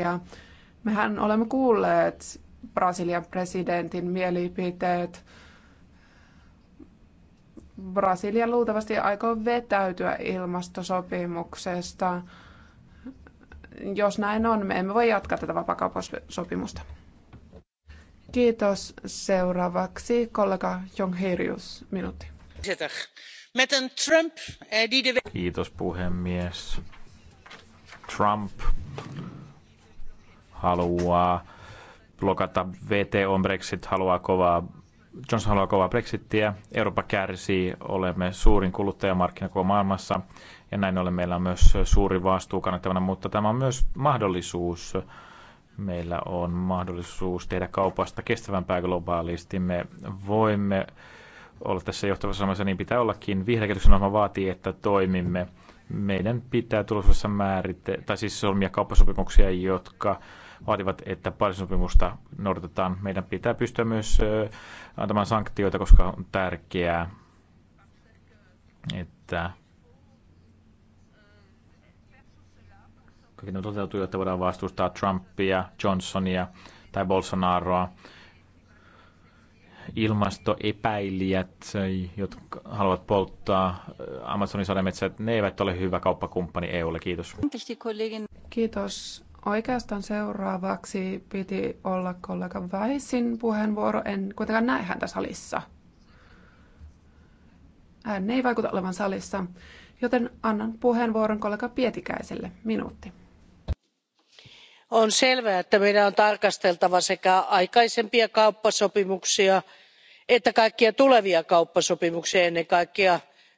Ja mehän olemme kuulleet Brasilian presidentin mielipiteet. Brasilia luultavasti aikoo vetäytyä ilmastosopimuksesta. Jos näin on, me emme voi jatkaa tätä vapakauppasopimusta. Kiitos. Seuraavaksi kollega Jong Hirius, minuutti. Eh, Kiitos puhemies. Trump haluaa blokata on Brexit, haluaa kovaa Johnson haluaa kovaa brexittiä, Eurooppa kärsii, olemme suurin kuluttajamarkkina koko maailmassa ja näin ollen meillä on myös suuri vastuu kannettavana, mutta tämä on myös mahdollisuus. Meillä on mahdollisuus tehdä kaupasta kestävämpää globaalisti. Me voimme olla tässä johtavassa asemassa, niin pitää ollakin. Vihreä ohjelma vaatii, että toimimme. Meidän pitää tulossa määrittää, tai siis solmia kauppasopimuksia, jotka vaativat, että Pariisin noudatetaan. Meidän pitää pystyä myös antamaan sanktioita, koska on tärkeää, että kaikki ne toteutuu, että voidaan vastustaa Trumpia, Johnsonia tai Bolsonaroa. Ilmastoepäilijät, jotka haluavat polttaa Amazonin sademetsät, ne eivät ole hyvä kauppakumppani EUlle. Kiitos. Kiitos. Oikeastaan seuraavaksi piti olla kollega Väisin puheenvuoro. En kuitenkaan näe häntä salissa. Hän ei vaikuta olevan salissa, joten annan puheenvuoron kollega Pietikäiselle. Minuutti. On selvää, että meidän on tarkasteltava sekä aikaisempia kauppasopimuksia että kaikkia tulevia kauppasopimuksia ennen kaikkea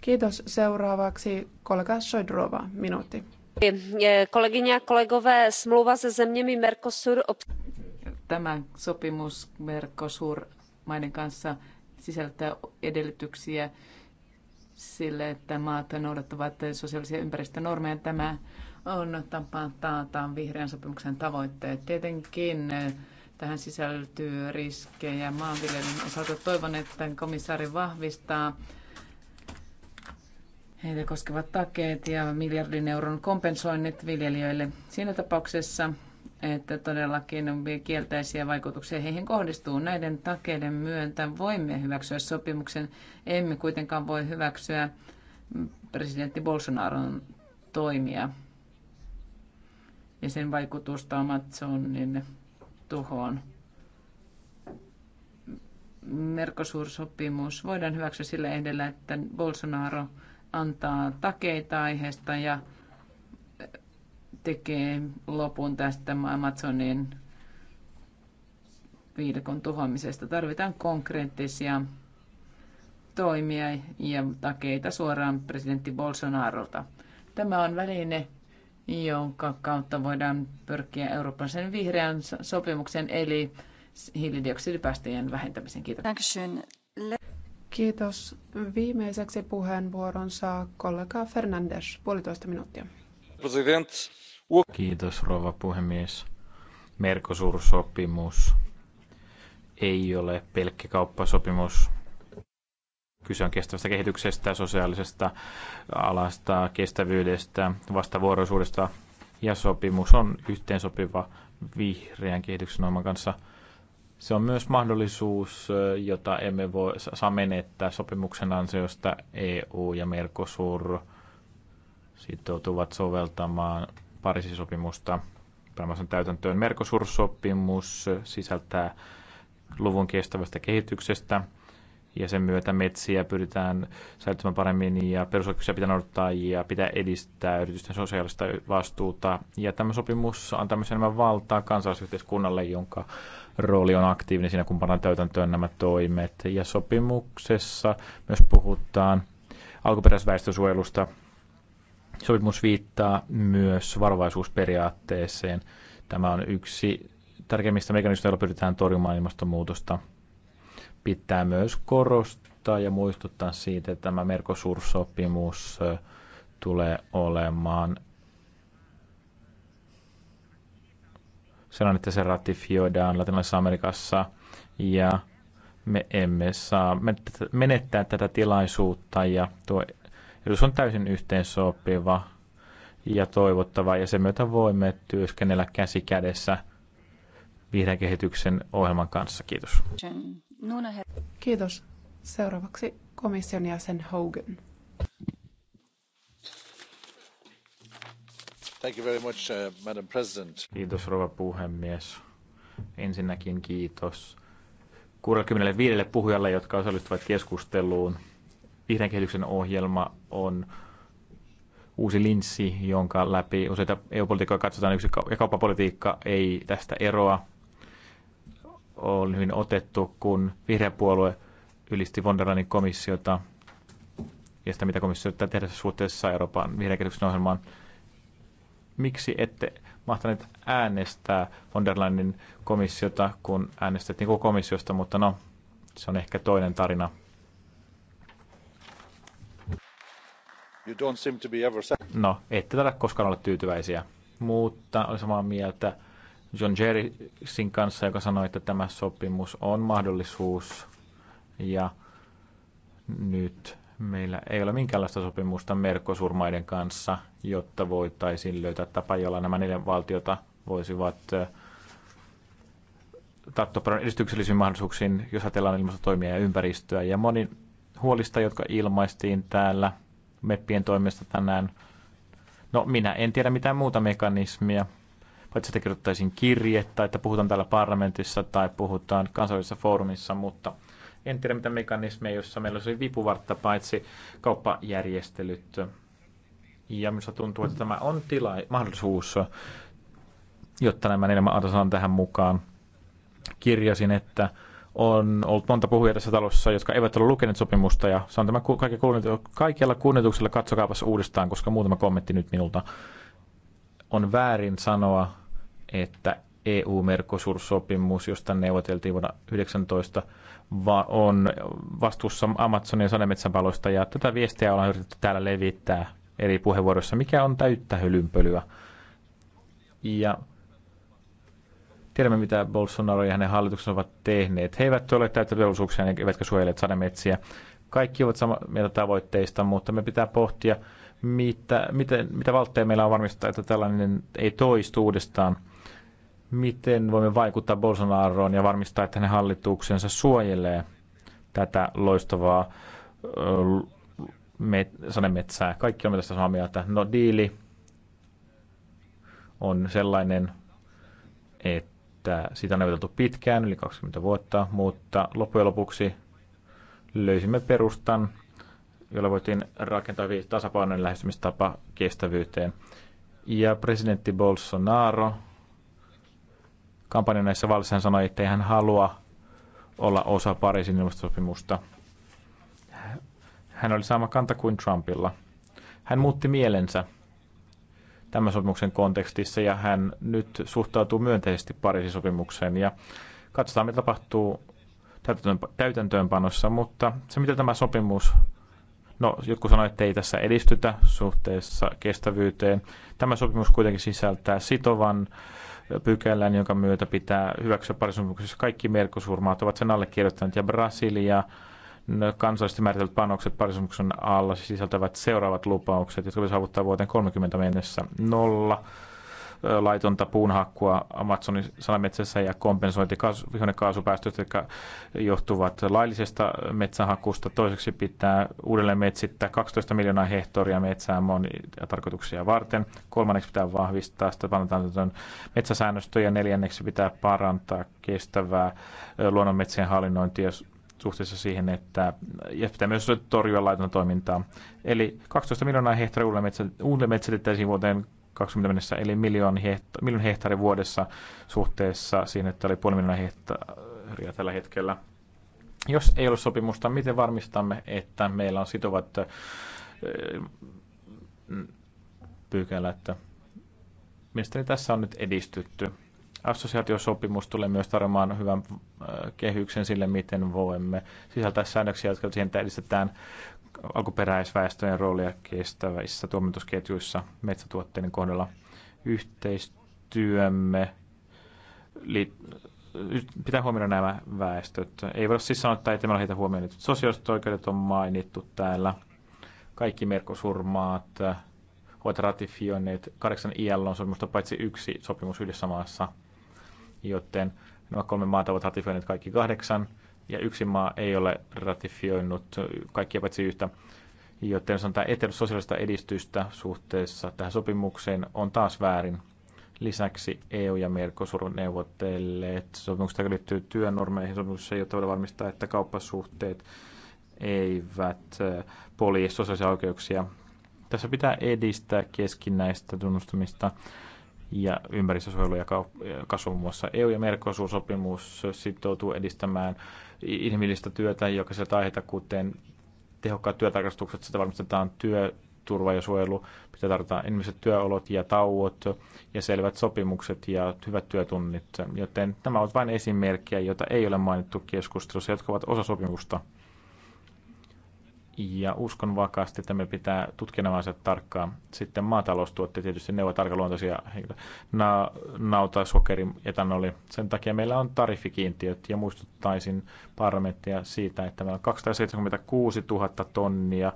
Kiitos. Seuraavaksi kollega Šojdrova, minuutti. Eh, Tämä sopimus Mercosur-maiden kanssa sisältää edellytyksiä sille, että maat noudattavat sosiaalisia ympäristönormeja. Tämä on tapa taata vihreän sopimuksen tavoitteet. Tietenkin eh, Tähän sisältyy riskejä maanviljelyn osalta. Toivon, että komissaari vahvistaa heitä koskevat takeet ja miljardin euron kompensoinnit viljelijöille siinä tapauksessa, että todellakin on kielteisiä vaikutuksia heihin kohdistuu. Näiden takeiden myöntä voimme hyväksyä sopimuksen. Emme kuitenkaan voi hyväksyä presidentti Bolsonaron toimia ja sen vaikutusta Amazonin tuhoon. Merkosuursopimus voidaan hyväksyä sillä edellä, että Bolsonaro antaa takeita aiheesta ja eh, tekee lopun tästä Amazonin viidakon tuhoamisesta. Tarvitaan konkreettisia toimia ja takeita suoraan presidentti Bolsonarolta. Tämä on väline, jonka kautta voidaan pyrkiä eurooppalaisen vihreän sopimuksen eli hiilidioksidipäästöjen vähentämisen Kiitos. Kiitos. Viimeiseksi puheenvuoron saa kollega Fernandes, puolitoista minuuttia. Kiitos rouva puhemies. Mercosur-sopimus ei ole pelkkä kauppasopimus. Kyse on kestävästä kehityksestä, sosiaalisesta alasta, kestävyydestä, vastavuoroisuudesta ja sopimus on yhteensopiva vihreän kehityksen oman kanssa. Se on myös mahdollisuus, jota emme voi saa menettää sopimuksen ansiosta EU ja Mercosur sitoutuvat soveltamaan Pariisin sopimusta päämäisen täytäntöön. Mercosur-sopimus sisältää luvun kestävästä kehityksestä, ja sen myötä metsiä pyritään säilyttämään paremmin ja perusoikeuksia pitää noudattaa ja pitää edistää yritysten sosiaalista vastuuta. Ja tämä sopimus antaa myös enemmän valtaa kansalaisyhteiskunnalle, jonka rooli on aktiivinen siinä, kun pannaan täytäntöön nämä toimet. Ja sopimuksessa myös puhutaan alkuperäisväestösuojelusta. Sopimus viittaa myös varovaisuusperiaatteeseen. Tämä on yksi tärkeimmistä mekanismeista, joilla pyritään torjumaan ilmastonmuutosta – Pitää myös korostaa ja muistuttaa siitä, että tämä Mercosur-sopimus tulee olemaan sellainen, että se ratifioidaan Latinalaisessa Amerikassa ja me emme saa menettää tätä tilaisuutta ja tuo edus on täysin yhteensopiva ja toivottava ja sen myötä voimme työskennellä käsi kädessä vihreän kehityksen ohjelman kanssa. Kiitos. Kiitos. Seuraavaksi komission jäsen Hogan. Thank you very much, uh, Madam President. Kiitos rouva puhemies. Ensinnäkin kiitos 65 puhujalle, jotka osallistuvat keskusteluun. Vihreän kehityksen ohjelma on uusi linssi, jonka läpi useita EU-politiikkaa katsotaan, yksi ja kauppapolitiikka ei tästä eroa on hyvin otettu, kun vihreä puolue ylisti von der Leyenin komissiota ja sitä, mitä komissio yrittää tehdä suhteessa Euroopan vihreän ohjelmaan. Miksi ette mahtaneet äänestää von der Leyenin komissiota, kun äänestettiin koko komissiosta, mutta no, se on ehkä toinen tarina. You don't seem to be ever... No, ette tällä koskaan ole tyytyväisiä, mutta olen samaa mieltä John Jerrysin kanssa, joka sanoi, että tämä sopimus on mahdollisuus ja nyt meillä ei ole minkäänlaista sopimusta merkosurmaiden kanssa, jotta voitaisiin löytää tapa, jolla nämä neljä valtiota voisivat tarttua paljon edistyksellisiin mahdollisuuksiin, jos ajatellaan ilmastotoimia ja ympäristöä. Ja moni huolista, jotka ilmaistiin täällä meppien toimesta tänään, no minä en tiedä mitään muuta mekanismia, paitsi että kirjoittaisin kirje tai että puhutaan täällä parlamentissa tai puhutaan kansallisessa foorumissa, mutta en tiedä mitä mekanismeja, jossa meillä olisi vipuvartta paitsi kauppajärjestelyt. Ja minusta tuntuu, että tämä on tila, mahdollisuus, jotta nämä enemmän saan tähän mukaan. Kirjasin, että on ollut monta puhujaa tässä talossa, jotka eivät ole lukeneet sopimusta, ja saan tämä kaikella kunnioituksella katsokaapas uudestaan, koska muutama kommentti nyt minulta on väärin sanoa, että EU-Mercosur-sopimus, josta neuvoteltiin vuonna 19 va- on vastuussa Amazonin sademetsänpaloista ja tätä viestiä ollaan yritetty täällä levittää eri puheenvuoroissa, mikä on täyttä hylympölyä. Ja tiedämme, mitä Bolsonaro ja hänen hallituksensa ovat tehneet. He eivät ole täyttä velvollisuuksia, eivätkä suojelleet sademetsiä. Kaikki ovat samaa mieltä tavoitteista, mutta me pitää pohtia, mitä, miten, mitä valtteja meillä on varmistaa, että tällainen ei toistu uudestaan – miten voimme vaikuttaa Bolsonaroon ja varmistaa, että hänen hallituksensa suojelee tätä loistavaa met- sademetsää. Kaikki on tästä samaa mieltä. No diili on sellainen, että sitä on neuvoteltu pitkään, yli 20 vuotta, mutta loppujen lopuksi löysimme perustan, jolla voitiin rakentaa tasapainoinen lähestymistapa kestävyyteen. Ja presidentti Bolsonaro kampanjan näissä vaaleissa sanoi, että ei hän halua olla osa Pariisin ilmastosopimusta. Hän oli sama kanta kuin Trumpilla. Hän muutti mielensä tämän sopimuksen kontekstissa ja hän nyt suhtautuu myönteisesti Pariisin sopimukseen ja katsotaan mitä tapahtuu täytäntöönpanossa, mutta se mitä tämä sopimus, no jotkut sanoivat, että ei tässä edistytä suhteessa kestävyyteen. Tämä sopimus kuitenkin sisältää sitovan pykälän, jonka myötä pitää hyväksyä parisopimuksessa kaikki merkosurmaat ovat sen allekirjoittaneet ja Brasilia no, kansallisesti määritellyt panokset parisopimuksen alla sisältävät seuraavat lupaukset, jotka saavuttaa vuoteen 30 mennessä nolla laitonta puunhakkua Amazonin salametsässä ja kompensointi vihonekaasupäästöt, jotka johtuvat laillisesta metsähakusta Toiseksi pitää uudelleen metsittää 12 miljoonaa hehtoria metsää monia tarkoituksia varten. Kolmanneksi pitää vahvistaa sitä vanhantantaton ja Neljänneksi pitää parantaa kestävää luonnonmetsien hallinnointia suhteessa siihen, että ja pitää myös torjua laitonta toimintaa. Eli 12 miljoonaa hehtaaria uudelleen metsitetään vuoteen 20 mennessä, eli miljoon, hehto, miljoon hehtaari vuodessa suhteessa siihen, että oli puoli miljoonaa hehtaaria tällä hetkellä. Jos ei ole sopimusta, miten varmistamme, että meillä on sitovat pykälät? Mielestäni tässä on nyt edistytty. Assosiaatiosopimus tulee myös tarjoamaan hyvän kehyksen sille, miten voimme sisältää säännöksiä, jotka siihen edistetään alkuperäisväestöjen roolia kestävissä tuomitusketjuissa metsätuotteiden kohdalla. Yhteistyömme pitää huomioida nämä väestöt. Ei voida siis sanoa, että ei tämä heitä huomioon. Sosiaaliset oikeudet on mainittu täällä. Kaikki merkosurmaat ovat ratifioineet kahdeksan on sopimusta paitsi yksi sopimus yhdessä maassa, joten nämä kolme maata ovat ratifioineet kaikki kahdeksan – ja yksi maa ei ole ratifioinut kaikkia paitsi yhtä. Joten sanotaan etelä sosiaalista edistystä suhteessa tähän sopimukseen on taas väärin. Lisäksi EU ja Mercosur neuvottelee sopimuksesta, joka liittyy työnormeihin sopimuksessa, jotta voidaan varmistaa, että kauppasuhteet eivät polje sosiaalisia oikeuksia. Tässä pitää edistää keskinäistä tunnustamista ja ympäristösuojelu ja kasvu muun muassa EU ja Mercosur-sopimus sitoutuu edistämään inhimillistä työtä, joka sieltä aiheita, kuten tehokkaat työtarkastukset, sitä varmistetaan turva ja suojelu, pitää tarjota ihmiset työolot ja tauot ja selvät sopimukset ja hyvät työtunnit. Joten nämä ovat vain esimerkkejä, joita ei ole mainittu keskustelussa, jotka ovat osa sopimusta. Ja uskon vakaasti, että me pitää tutkia nämä asiat tarkkaan. Sitten maataloustuotteet, tietysti ne ovat arkaluontoisia na, nauta, sokeri, etanoli. Sen takia meillä on tarifikiintiöt ja muistuttaisin parlamenttia siitä, että meillä on 276 000 tonnia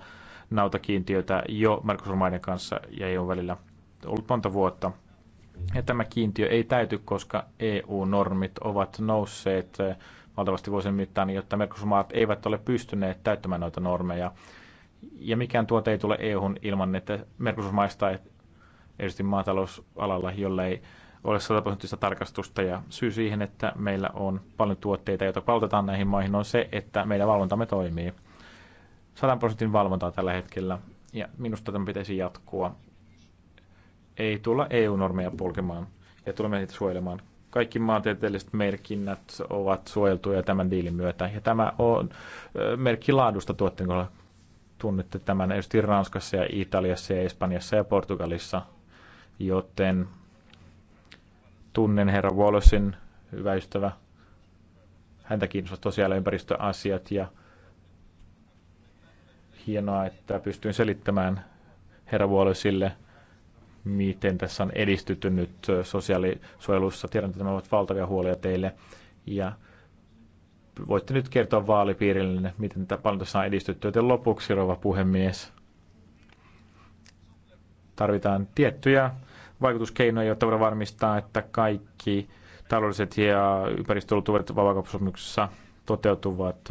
nautakiintiötä jo Mercosur-maiden kanssa ja ole välillä ollut monta vuotta. Ja tämä kiintiö ei täyty, koska EU-normit ovat nousseet valtavasti vuosien mittaan, niin jotta Mercosur-maat eivät ole pystyneet täyttämään noita normeja. Ja mikään tuote ei tule EUhun ilman, että Mercosur-maista, erityisesti maatalousalalla, jolle ei ole 100 prosenttista tarkastusta. Ja syy siihen, että meillä on paljon tuotteita, joita palautetaan näihin maihin, on se, että meidän valvontamme toimii. 100 prosentin valvontaa tällä hetkellä, ja minusta tämä pitäisi jatkua. Ei tulla EU-normeja polkemaan, ja tulemme niitä suojelemaan kaikki maantieteelliset merkinnät ovat suojeltuja tämän diilin myötä. Ja tämä on merkki laadusta tuotteen kun Tunnette tämän just Ranskassa ja Italiassa ja Espanjassa ja Portugalissa, joten tunnen herra Wallacein, hyvä ystävä. Häntä kiinnostaa tosiaan ympäristöasiat ja hienoa, että pystyin selittämään herra Wallacelle – miten tässä on edistytty nyt sosiaalisuojelussa. Tiedän, että nämä ovat valtavia huolia teille. Ja voitte nyt kertoa vaalipiirille, miten tätä paljon tässä on edistytty. Joten lopuksi, rouva puhemies, tarvitaan tiettyjä vaikutuskeinoja, jotta voidaan varmistaa, että kaikki taloudelliset ja ympäristölutuvat vapaakauppasopimuksessa toteutuvat.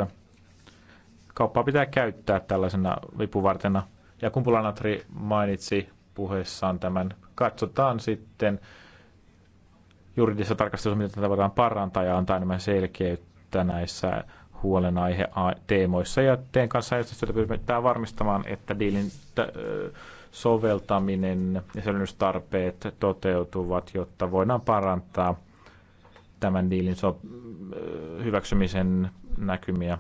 Kauppaa pitää käyttää tällaisena vipuvartena. Ja kumpulanatri mainitsi puheessaan tämän. Katsotaan sitten juridisessa tarkastelussa, miten tätä voidaan parantaa ja antaa enemmän selkeyttä näissä huolenaihe teemoissa ja teen kanssa yhteistyötä pyritään varmistamaan, että diilin soveltaminen ja selvennystarpeet toteutuvat, jotta voidaan parantaa tämän diilin so- hyväksymisen näkymiä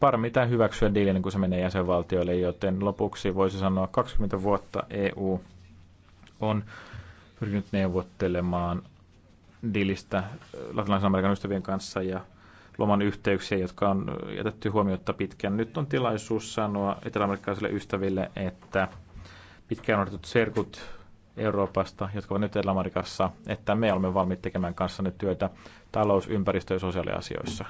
Parmi tämä hyväksyä diilin, niin kun se menee jäsenvaltioille, joten lopuksi voisi sanoa 20 vuotta EU on pyrkinyt neuvottelemaan diilistä latinalaisen Amerikan ystävien kanssa ja loman yhteyksiä, jotka on jätetty huomiota pitkään. Nyt on tilaisuus sanoa eteläamerikkalaisille ystäville, että pitkään odotetut serkut Euroopasta, jotka ovat nyt Etelä-Amerikassa, että me olemme valmiit tekemään kanssanne työtä talous-, ympäristö- ja sosiaaliasioissa.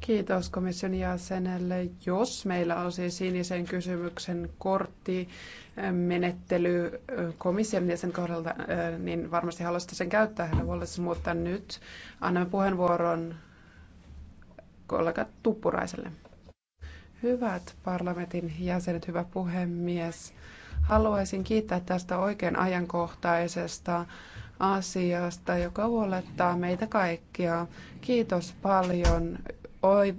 Kiitos komission jäsenelle. Jos meillä on siis sinisen kysymyksen kortti menettely komission jäsen kohdalta, niin varmasti haluaisitte sen käyttää herra huolessa, mutta nyt annamme puheenvuoron kollega Tuppuraiselle. Hyvät parlamentin jäsenet, hyvä puhemies. Haluaisin kiittää tästä oikein ajankohtaisesta asiasta, joka huolettaa meitä kaikkia. Kiitos paljon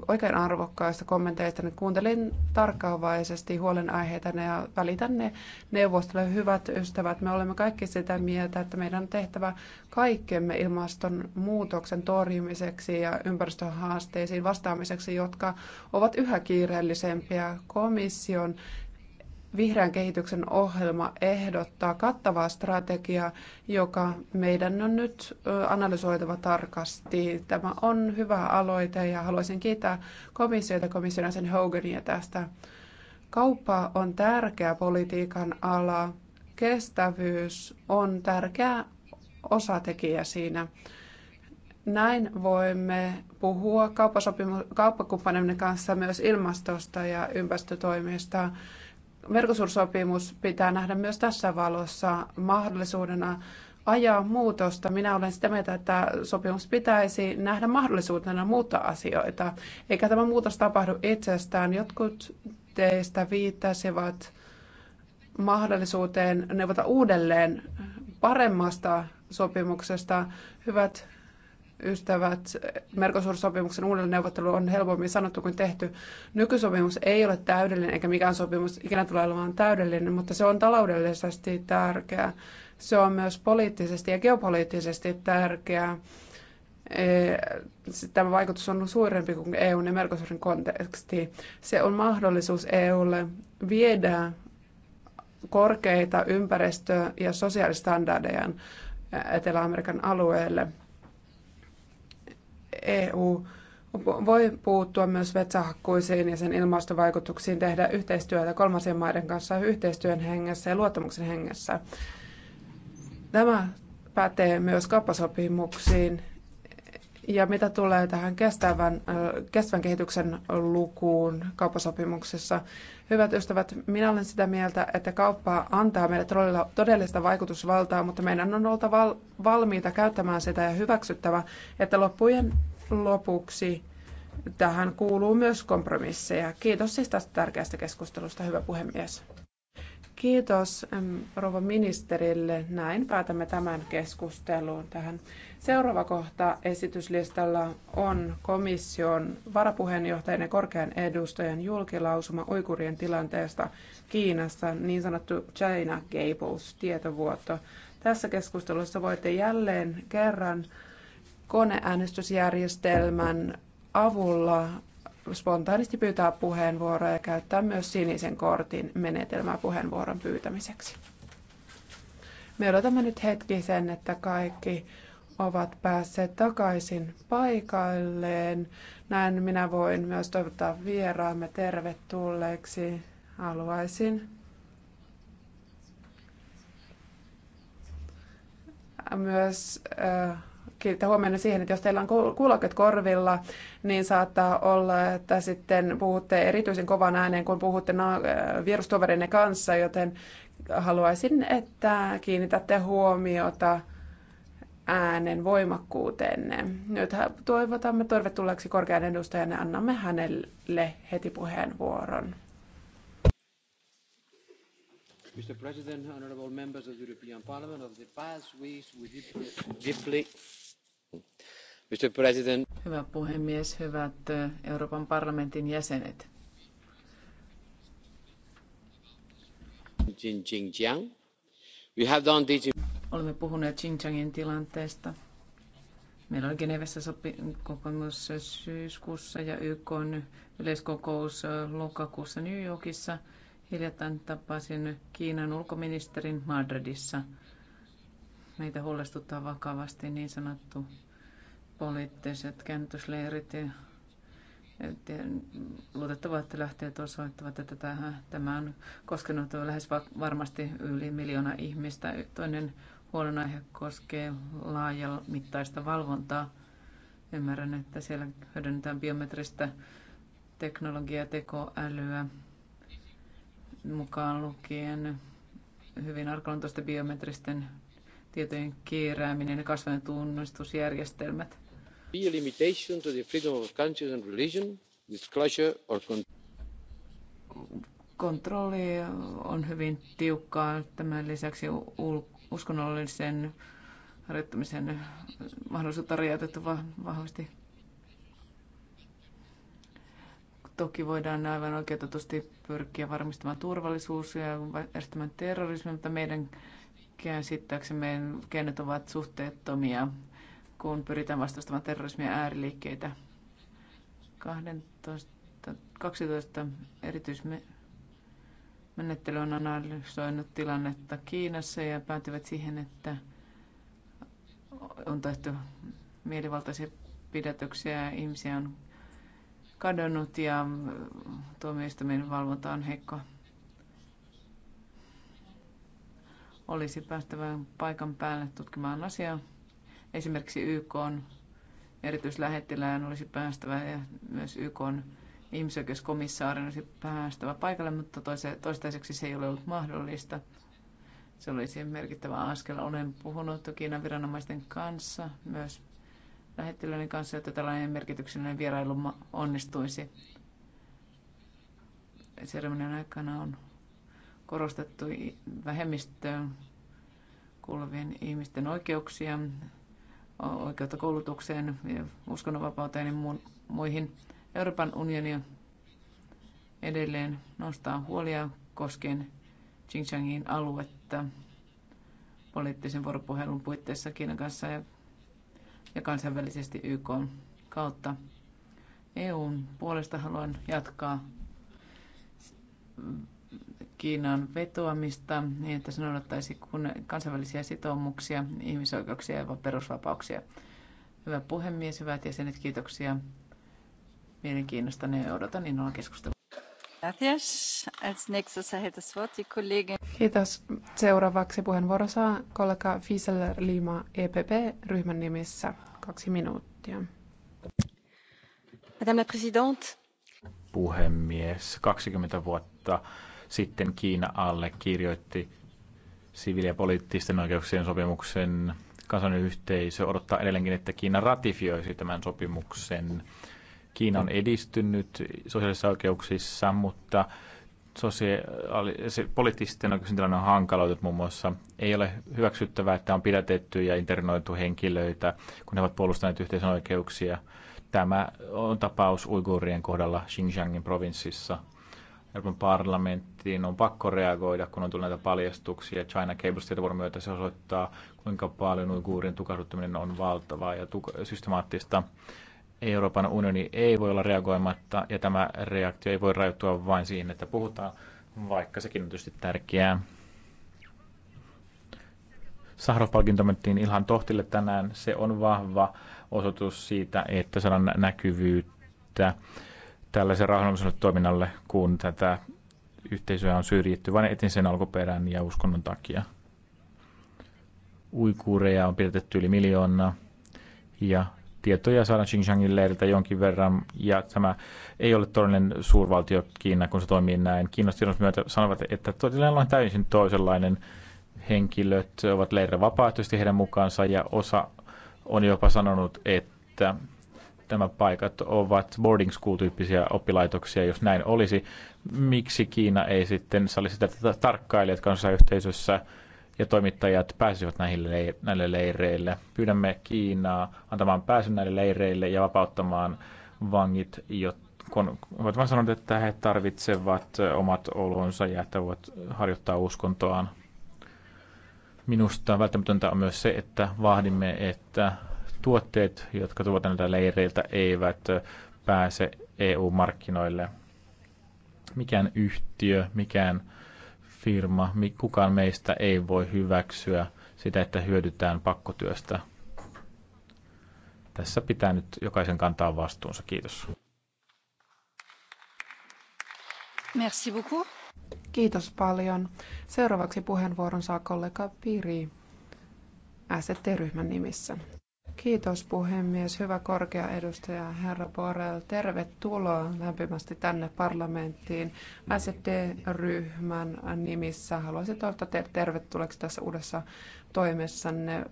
oikein arvokkaista kommenteista. Kuuntelin tarkkaavaisesti huolenaiheita ja välitän ne neuvostolle. Hyvät ystävät, me olemme kaikki sitä mieltä, että meidän on tehtävä kaikkemme ilmastonmuutoksen torjumiseksi ja ympäristöhaasteisiin vastaamiseksi, jotka ovat yhä kiireellisempiä. Komission vihreän kehityksen ohjelma ehdottaa kattavaa strategiaa, joka meidän on nyt analysoitava tarkasti. Tämä on hyvä aloite ja haluaisin kiittää komissiota komission sen Hogania tästä. Kauppa on tärkeä politiikan ala. Kestävyys on tärkeä osatekijä siinä. Näin voimme puhua kauppakumppanemme kanssa myös ilmastosta ja ympäristötoimista. Merkosursopimus pitää nähdä myös tässä valossa mahdollisuudena ajaa muutosta. Minä olen sitä mieltä, että sopimus pitäisi nähdä mahdollisuutena muuttaa asioita, eikä tämä muutos tapahdu itsestään. Jotkut teistä viittasivat mahdollisuuteen neuvota uudelleen paremmasta sopimuksesta. Hyvät ystävät, Mercosur-sopimuksen uudelleen neuvottelu on helpommin sanottu kuin tehty. Nykysopimus ei ole täydellinen, eikä mikään sopimus ikinä tule olemaan täydellinen, mutta se on taloudellisesti tärkeä. Se on myös poliittisesti ja geopoliittisesti tärkeä. E, tämä vaikutus on suurempi kuin EUn ja Mercosurin konteksti. Se on mahdollisuus EUlle viedä korkeita ympäristö- ja sosiaalistandardeja Etelä-Amerikan alueelle – EU voi puuttua myös metsähakkuisiin ja sen ilmastovaikutuksiin, tehdä yhteistyötä kolmansien maiden kanssa yhteistyön hengessä ja luottamuksen hengessä. Tämä pätee myös kauppasopimuksiin ja mitä tulee tähän kestävän, kestävän kehityksen lukuun kauppasopimuksessa, hyvät ystävät, minä olen sitä mieltä, että kauppa antaa meille todellista vaikutusvaltaa, mutta meidän on oltava valmiita käyttämään sitä ja hyväksyttävä, että loppujen lopuksi tähän kuuluu myös kompromisseja. Kiitos siis tästä tärkeästä keskustelusta, hyvä puhemies. Kiitos rouva ministerille. Näin päätämme tämän keskustelun tähän. Seuraava kohta esityslistalla on komission varapuheenjohtajan ja korkean edustajan julkilausuma oikurien tilanteesta Kiinassa, niin sanottu China Gables-tietovuoto. Tässä keskustelussa voitte jälleen kerran koneäänestysjärjestelmän avulla spontaanisti pyytää puheenvuoroa ja käyttää myös sinisen kortin menetelmää puheenvuoron pyytämiseksi. Me odotamme nyt hetki sen, että kaikki ovat päässeet takaisin paikalleen. Näin minä voin myös toivottaa vieraamme tervetulleeksi. Haluaisin myös äh, kiinnittää huomioon siihen, että jos teillä on kuulokkeet korvilla, niin saattaa olla, että sitten puhutte erityisen kovan ääneen, kun puhutte virustoverinne kanssa, joten haluaisin, että kiinnitätte huomiota äänen voimakkuuteenne. Nyt toivotamme tervetulleeksi korkean edustajan ja annamme hänelle heti puheenvuoron. Mr. President, honorable members of the European Parliament, of the past weeks we deeply Mr. Hyvä puhemies, hyvät Euroopan parlamentin jäsenet. Olemme puhuneet Xinjiangin tilanteesta. Meillä oli Genevessä kokous syyskuussa ja YK yleiskokous lokakuussa New Yorkissa. Hiljattain tapasin Kiinan ulkoministerin Madridissa – meitä huolestuttaa vakavasti niin sanottu poliittiset käännytysleirit ja että lähteet osoittavat, että tämä on koskenut lähes varmasti yli miljoona ihmistä. Toinen huolenaihe koskee laajamittaista valvontaa. Ymmärrän, että siellä hyödynnetään biometristä teknologiaa, tekoälyä mukaan lukien hyvin arkaluontoisten biometristen tietojen kerääminen ja kasvojen tunnistusjärjestelmät. kontrolli on hyvin tiukkaa. Tämän lisäksi uskonnollisen harjoittamisen mahdollisuutta on rajoitettu vahvasti. Toki voidaan aivan oikeutetusti pyrkiä varmistamaan turvallisuus ja estämään terrorismi, mutta meidän käsittääksemme keinot ovat suhteettomia, kun pyritään vastustamaan terrorismia ääriliikkeitä. 12, 12 erityismenettely on analysoinut tilannetta Kiinassa ja päätyvät siihen, että on tehty mielivaltaisia pidätyksiä, ihmisiä on kadonnut ja tuomioistuimen valvonta on heikkoa olisi päästävä paikan päälle tutkimaan asiaa. Esimerkiksi YK on erityislähettilään olisi päästävä ja myös YK on ihmisoikeuskomissaarin olisi päästävä paikalle, mutta toistaiseksi se ei ole ollut mahdollista. Se olisi merkittävä askel. Olen puhunut Kiinan viranomaisten kanssa, myös lähettilöiden kanssa, että tällainen merkityksellinen vierailu onnistuisi. Seremonian aikana on korostettu vähemmistöön kuuluvien ihmisten oikeuksia, oikeutta koulutukseen, uskonnonvapauteen ja muihin. Euroopan unioni edelleen nostaa huolia koskien Xinjiangin aluetta poliittisen vuoropuhelun puitteissa Kiinan kanssa ja, ja kansainvälisesti YK kautta. EUn puolesta haluan jatkaa Kiinan vetoamista niin, että se noudattaisi kansainvälisiä sitoumuksia, ihmisoikeuksia ja perusvapauksia. Hyvä puhemies, hyvät jäsenet, kiitoksia mielenkiinnosta. Ne odotan innolla keskustelua. Kiitos. Seuraavaksi puheenvuoro saa kollega Fiesel Lima EPP-ryhmän nimissä. Kaksi minuuttia. Madame la Présidente. Puhemies, 20 vuotta sitten Kiina allekirjoitti siviili- ja poliittisten oikeuksien sopimuksen. Kansainvälinen yhteisö odottaa edelleenkin, että Kiina ratifioisi tämän sopimuksen. Kiina on edistynyt sosiaalisissa oikeuksissa, mutta sosiaali- se poliittisten oikeuksien tilanne on hankaloitunut muun muassa. Ei ole hyväksyttävää, että on pidätetty ja internoitu henkilöitä, kun he ovat puolustaneet yhteisön oikeuksia. Tämä on tapaus uiguurien kohdalla Xinjiangin provinssissa – Euroopan parlamenttiin on pakko reagoida, kun on tullut näitä paljastuksia. China Cable Tietovuoron myötä se osoittaa, kuinka paljon uiguurien tukahduttaminen on valtavaa ja systemaattista. Euroopan unioni ei voi olla reagoimatta ja tämä reaktio ei voi rajoittua vain siihen, että puhutaan, vaikka sekin on tietysti tärkeää. Sahrov-palkinto mentiin Ilhan Tohtille tänään. Se on vahva osoitus siitä, että saadaan näkyvyyttä tällaiselle rauhanomaiselle toiminnalle, kun tätä yhteisöä on syrjitty vain etnisen alkuperän ja uskonnon takia. Uikuureja on pidätetty yli miljoonaa ja tietoja saadaan Xinjiangin leiriltä jonkin verran, ja tämä ei ole todellinen suurvaltio Kiina, kun se toimii näin. Kiinalaiset myötä sanovat, että todella on täysin toisenlainen. Henkilöt ovat leirillä vapaaehtoisesti heidän mukaansa, ja osa on jopa sanonut, että nämä paikat ovat boarding school-tyyppisiä oppilaitoksia, jos näin olisi. Miksi Kiina ei sitten salli sitä, että tarkkailijat kansayhteisössä ja toimittajat pääsisivät näille, näille leireille? Pyydämme Kiinaa antamaan pääsyn näille leireille ja vapauttamaan vangit, jotta kun ovat vain sanoneet, että he tarvitsevat omat olonsa ja että voivat harjoittaa uskontoaan. Minusta välttämätöntä on myös se, että vahdimme, että tuotteet, jotka tuotetaan näiltä leireiltä, eivät pääse EU-markkinoille. Mikään yhtiö, mikään firma, kukaan meistä ei voi hyväksyä sitä, että hyödytään pakkotyöstä. Tässä pitää nyt jokaisen kantaa vastuunsa. Kiitos. Merci beaucoup. Kiitos paljon. Seuraavaksi puheenvuoron saa kollega Piri ST-ryhmän nimissä. Kiitos puhemies. Hyvä korkea edustaja herra Borrell. Tervetuloa lämpimästi tänne parlamenttiin. SD-ryhmän nimissä haluaisin toivottaa teidät tervetulleeksi tässä uudessa toimessanne.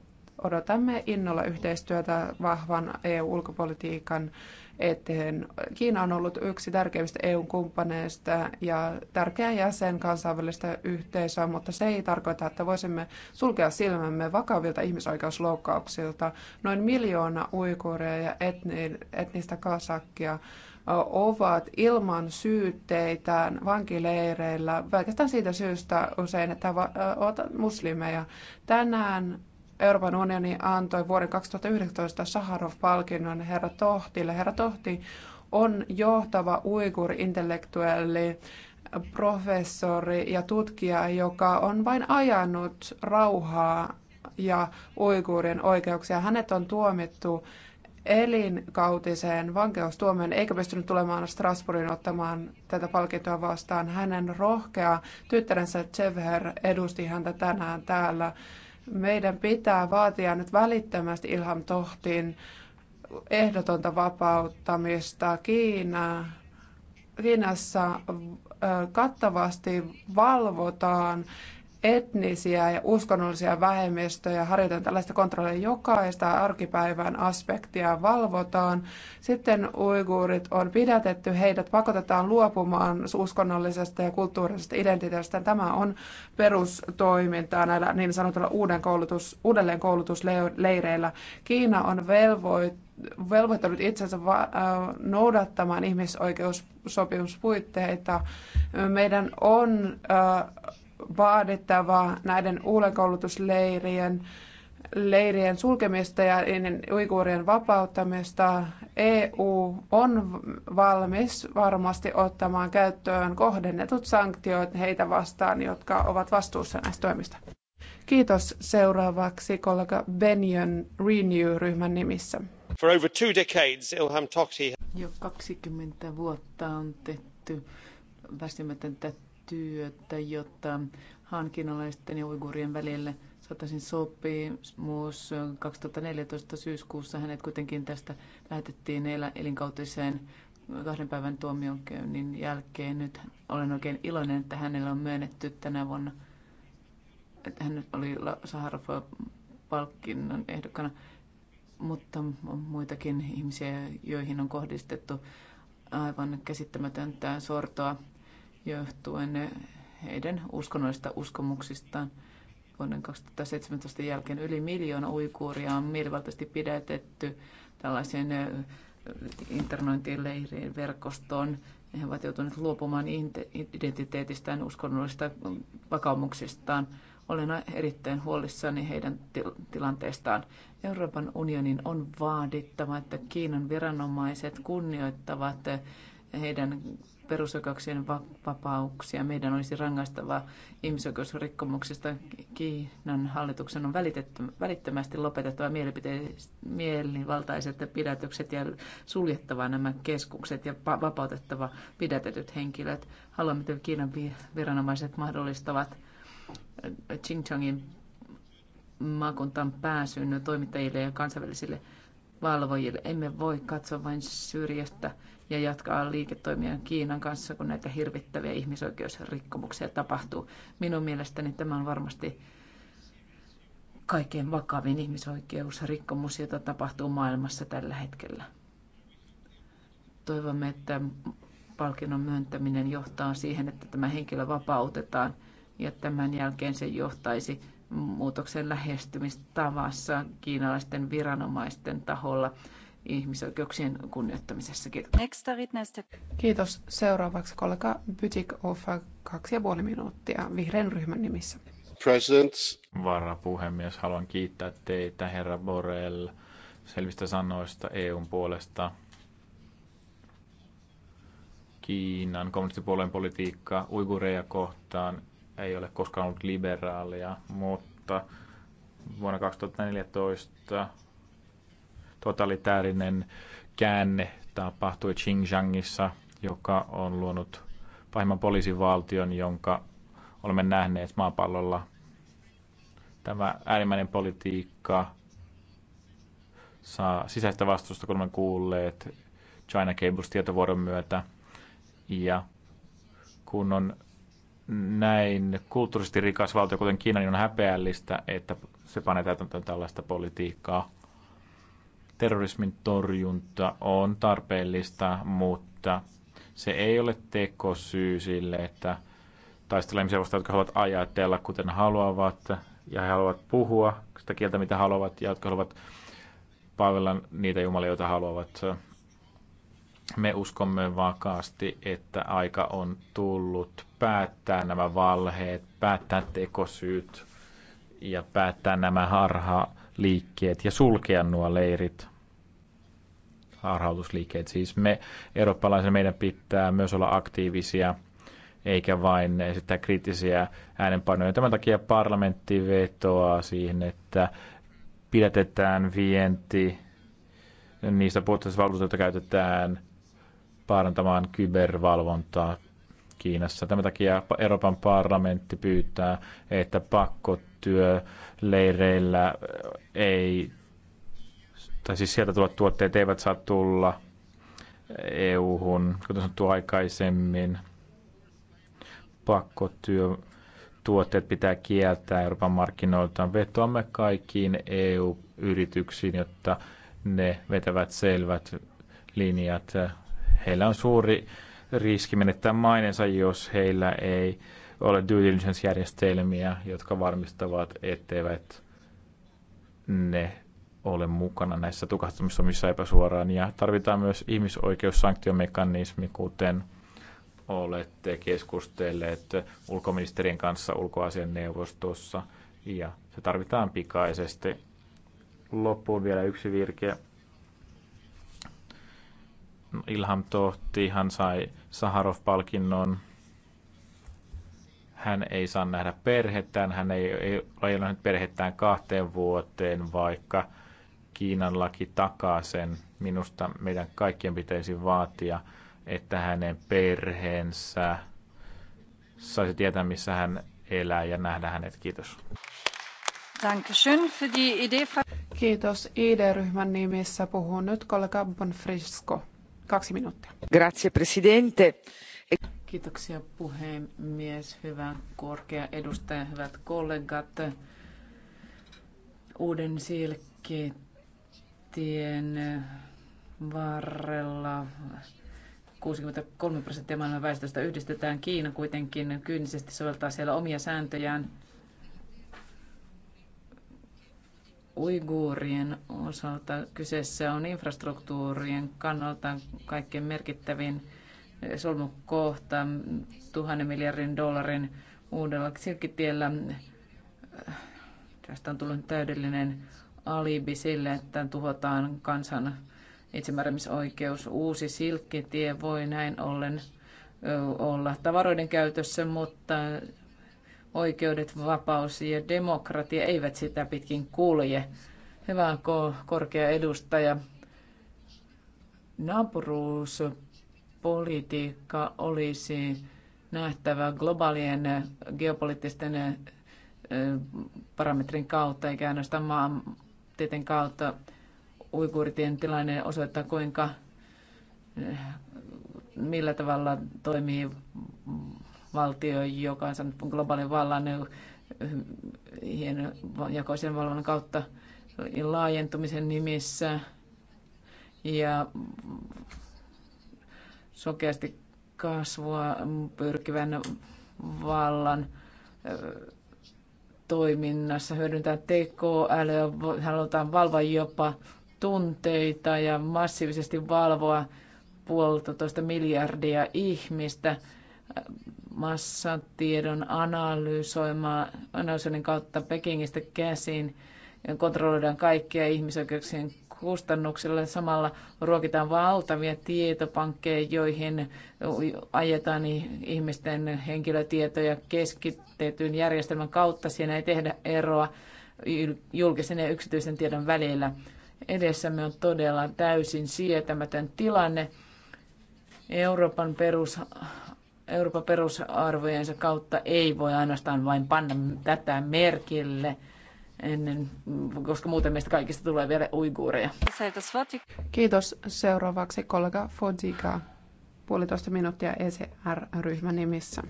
Odotamme innolla yhteistyötä vahvan EU-ulkopolitiikan eteen. Kiina on ollut yksi tärkeimmistä EU-kumppaneista ja tärkeä jäsen kansainvälistä yhteisöä, mutta se ei tarkoita, että voisimme sulkea silmämme vakavilta ihmisoikeusloukkauksilta. Noin miljoona uikuureja ja etnistä kasakkia ovat ilman syytteitään vankileireillä pelkästään siitä syystä usein, että ovat muslimeja. Tänään Euroopan unioni antoi vuoden 2019 Saharov-palkinnon herra Tohtille. Herra Tohti on johtava uigur intellektuelli professori ja tutkija, joka on vain ajanut rauhaa ja uiguurien oikeuksia. Hänet on tuomittu elinkautiseen vankeustuomioon eikä pystynyt tulemaan Strasbourgin ottamaan tätä palkintoa vastaan. Hänen rohkea tyttärensä Chevher edusti häntä tänään täällä meidän pitää vaatia nyt välittömästi Ilham Tohtin ehdotonta vapauttamista Kiina, Kiinassa kattavasti valvotaan etnisiä ja uskonnollisia vähemmistöjä, harjoitetaan tällaista kontrollia jokaista arkipäivän aspektia, valvotaan. Sitten uiguurit on pidätetty, heidät pakotetaan luopumaan uskonnollisesta ja kulttuurisesta identiteetistä. Tämä on perustoimintaa näillä niin sanotulla uuden koulutus, uudelleen koulutusleireillä. Kiina on velvoittanut velvoittanut itsensä va- äh, noudattamaan ihmisoikeussopimuspuitteita. Meidän on äh, vaadittava näiden uudelleenkoulutusleirien leirien sulkemista ja uiguurien vapauttamista. EU on valmis varmasti ottamaan käyttöön kohdennetut sanktiot heitä vastaan, jotka ovat vastuussa näistä toimista. Kiitos seuraavaksi kollega Benjön Renew-ryhmän nimissä. For over two decades, Ilham Tohti... Jo 20 vuotta on tehty väsymätöntä työtä, jotta hankinnalaisten ja uigurien välille saataisiin muus 2014 syyskuussa hänet kuitenkin tästä lähetettiin elinkautiseen kahden päivän tuomionkäynnin jälkeen. Nyt olen oikein iloinen, että hänellä on myönnetty tänä vuonna, että hän oli Saharov-palkinnon ehdokkana, mutta on muitakin ihmisiä, joihin on kohdistettu aivan käsittämätöntä sortoa johtuen heidän uskonnollisista uskomuksistaan. Vuoden 2017 jälkeen yli miljoona uikuuria on mielivaltaisesti pidätetty tällaisen internointileirien verkostoon. He ovat joutuneet luopumaan identiteetistään, uskonnollisista vakaumuksistaan. Olen erittäin huolissani heidän tilanteestaan. Euroopan unionin on vaadittava, että Kiinan viranomaiset kunnioittavat heidän perusoikeuksien vapauksia. Meidän olisi rangaistavaa ihmisoikeusrikkomuksista. Kiinan hallituksen on välittömästi lopetettava mielivaltaiset pidätykset ja suljettava nämä keskukset ja vapautettava pidätetyt henkilöt. Haluamme, että Kiinan viranomaiset mahdollistavat äh, Xinjiangin maakuntaan pääsyn toimittajille ja kansainvälisille valvojille. Emme voi katsoa vain syrjästä ja jatkaa liiketoimia Kiinan kanssa, kun näitä hirvittäviä ihmisoikeusrikkomuksia tapahtuu. Minun mielestäni tämä on varmasti kaikkein vakavin ihmisoikeusrikkomus, jota tapahtuu maailmassa tällä hetkellä. Toivomme, että palkinnon myöntäminen johtaa siihen, että tämä henkilö vapautetaan ja tämän jälkeen se johtaisi muutoksen lähestymistavassa kiinalaisten viranomaisten taholla ihmisoikeuksien kunnioittamisessa. Kiitos. Kiitos. Seuraavaksi kollega Bytik Offa, kaksi ja puoli minuuttia vihreän ryhmän nimissä. President. Varapuhemies, haluan kiittää teitä, herra Borrell, selvistä sanoista EUn puolesta. Kiinan kommunistipuolueen politiikka uigureja kohtaan ei ole koskaan ollut liberaalia, mutta vuonna 2014 totalitäärinen käänne tapahtui Xinjiangissa, joka on luonut pahimman poliisivaltion, jonka olemme nähneet maapallolla. Tämä äärimmäinen politiikka saa sisäistä vastusta, kun olemme kuulleet China Cables tietovuodon myötä. Ja kun on näin kulttuurisesti rikas valtio, kuten Kiina, niin on häpeällistä, että se panee täytäntöön tällaista politiikkaa. Terrorismin torjunta on tarpeellista, mutta se ei ole tekosyy sille, että ihmisiä vastaan, jotka haluavat ajatella, kuten haluavat, ja he haluavat puhua sitä kieltä, mitä haluavat, ja jotka haluavat palvella niitä jumalia, joita haluavat. Me uskomme vakaasti, että aika on tullut päättää nämä valheet, päättää tekosyyt ja päättää nämä harhaliikkeet ja sulkea nuo leirit harhautusliikkeet. Siis me eurooppalaisen meidän pitää myös olla aktiivisia eikä vain esittää kriittisiä äänenpainoja. Tämän takia parlamentti vetoaa siihen, että pidätetään vienti niistä puutteista joita käytetään parantamaan kybervalvontaa Kiinassa. Tämän takia Euroopan parlamentti pyytää, että pakkotyöleireillä ei, tai siis sieltä tulevat tuotteet eivät saa tulla EU-hun, kuten sanottu aikaisemmin. Pakkotyö tuotteet pitää kieltää Euroopan markkinoilta. Vetoamme kaikkiin EU-yrityksiin, jotta ne vetävät selvät linjat heillä on suuri riski menettää mainensa, jos heillä ei ole due diligence-järjestelmiä, jotka varmistavat, etteivät ne ole mukana näissä tukahtumisomissa epäsuoraan. Ja tarvitaan myös ihmisoikeussanktiomekanismi, kuten olette keskustelleet ulkoministerin kanssa ulkoasian neuvostossa. Ja se tarvitaan pikaisesti. Loppuun vielä yksi virke. Ilham Tohti, hän sai Saharov-palkinnon. Hän ei saa nähdä perhettään, hän ei, ei ole nähnyt perhettään kahteen vuoteen, vaikka Kiinan laki takaa sen. Minusta meidän kaikkien pitäisi vaatia, että hänen perheensä saisi tietää, missä hän elää ja nähdä hänet. Kiitos. Kiitos. ID-ryhmän nimissä puhuu nyt kollega Bonfrisco. Kaksi minuuttia. Grazie, presidente. Kiitoksia puhemies, hyvä korkea edustaja, hyvät kollegat. Uuden silkkitien varrella 63 prosenttia maailman väestöstä yhdistetään. Kiina kuitenkin kyynisesti soveltaa siellä omia sääntöjään uiguurien osalta. Kyseessä on infrastruktuurien kannalta kaikkein merkittävin solmukohta tuhannen miljardin dollarin uudella silkkitiellä. Tästä on tullut täydellinen alibi sille, että tuhotaan kansan itsemääräämisoikeus. Uusi silkkitie voi näin ollen olla tavaroiden käytössä, mutta oikeudet, vapaus ja demokratia eivät sitä pitkin kulje. Hyvä korkea edustaja. Naapuruuspolitiikka olisi nähtävä globaalien geopoliittisten parametrin kautta, eikä ainoastaan maan tieteen kautta. Uiguritien tilanne osoittaa, kuinka millä tavalla toimii valtio, joka on saanut globaalin vallan hienon jakoisen valvonnan kautta laajentumisen nimissä ja sokeasti kasvua pyrkivän vallan toiminnassa hyödyntää tekoälyä, halutaan valvoa jopa tunteita ja massiivisesti valvoa puolitoista miljardia ihmistä massatiedon analysoinnin kautta Pekingistä käsin kontrolloidaan kaikkia ihmisoikeuksien kustannuksilla. Samalla ruokitaan valtavia tietopankkeja, joihin ajetaan ihmisten henkilötietoja keskitetyn järjestelmän kautta. Siinä ei tehdä eroa julkisen ja yksityisen tiedon välillä. Edessämme on todella täysin sietämätön tilanne. Euroopan perus Euroopan perusarvojensa kautta ei voi ainoastaan vain panna tätä merkille, ennen, koska muuten meistä kaikista tulee vielä uiguureja. Kiitos. Seuraavaksi kollega Fodzika, puolitoista minuuttia ECR-ryhmän nimissä.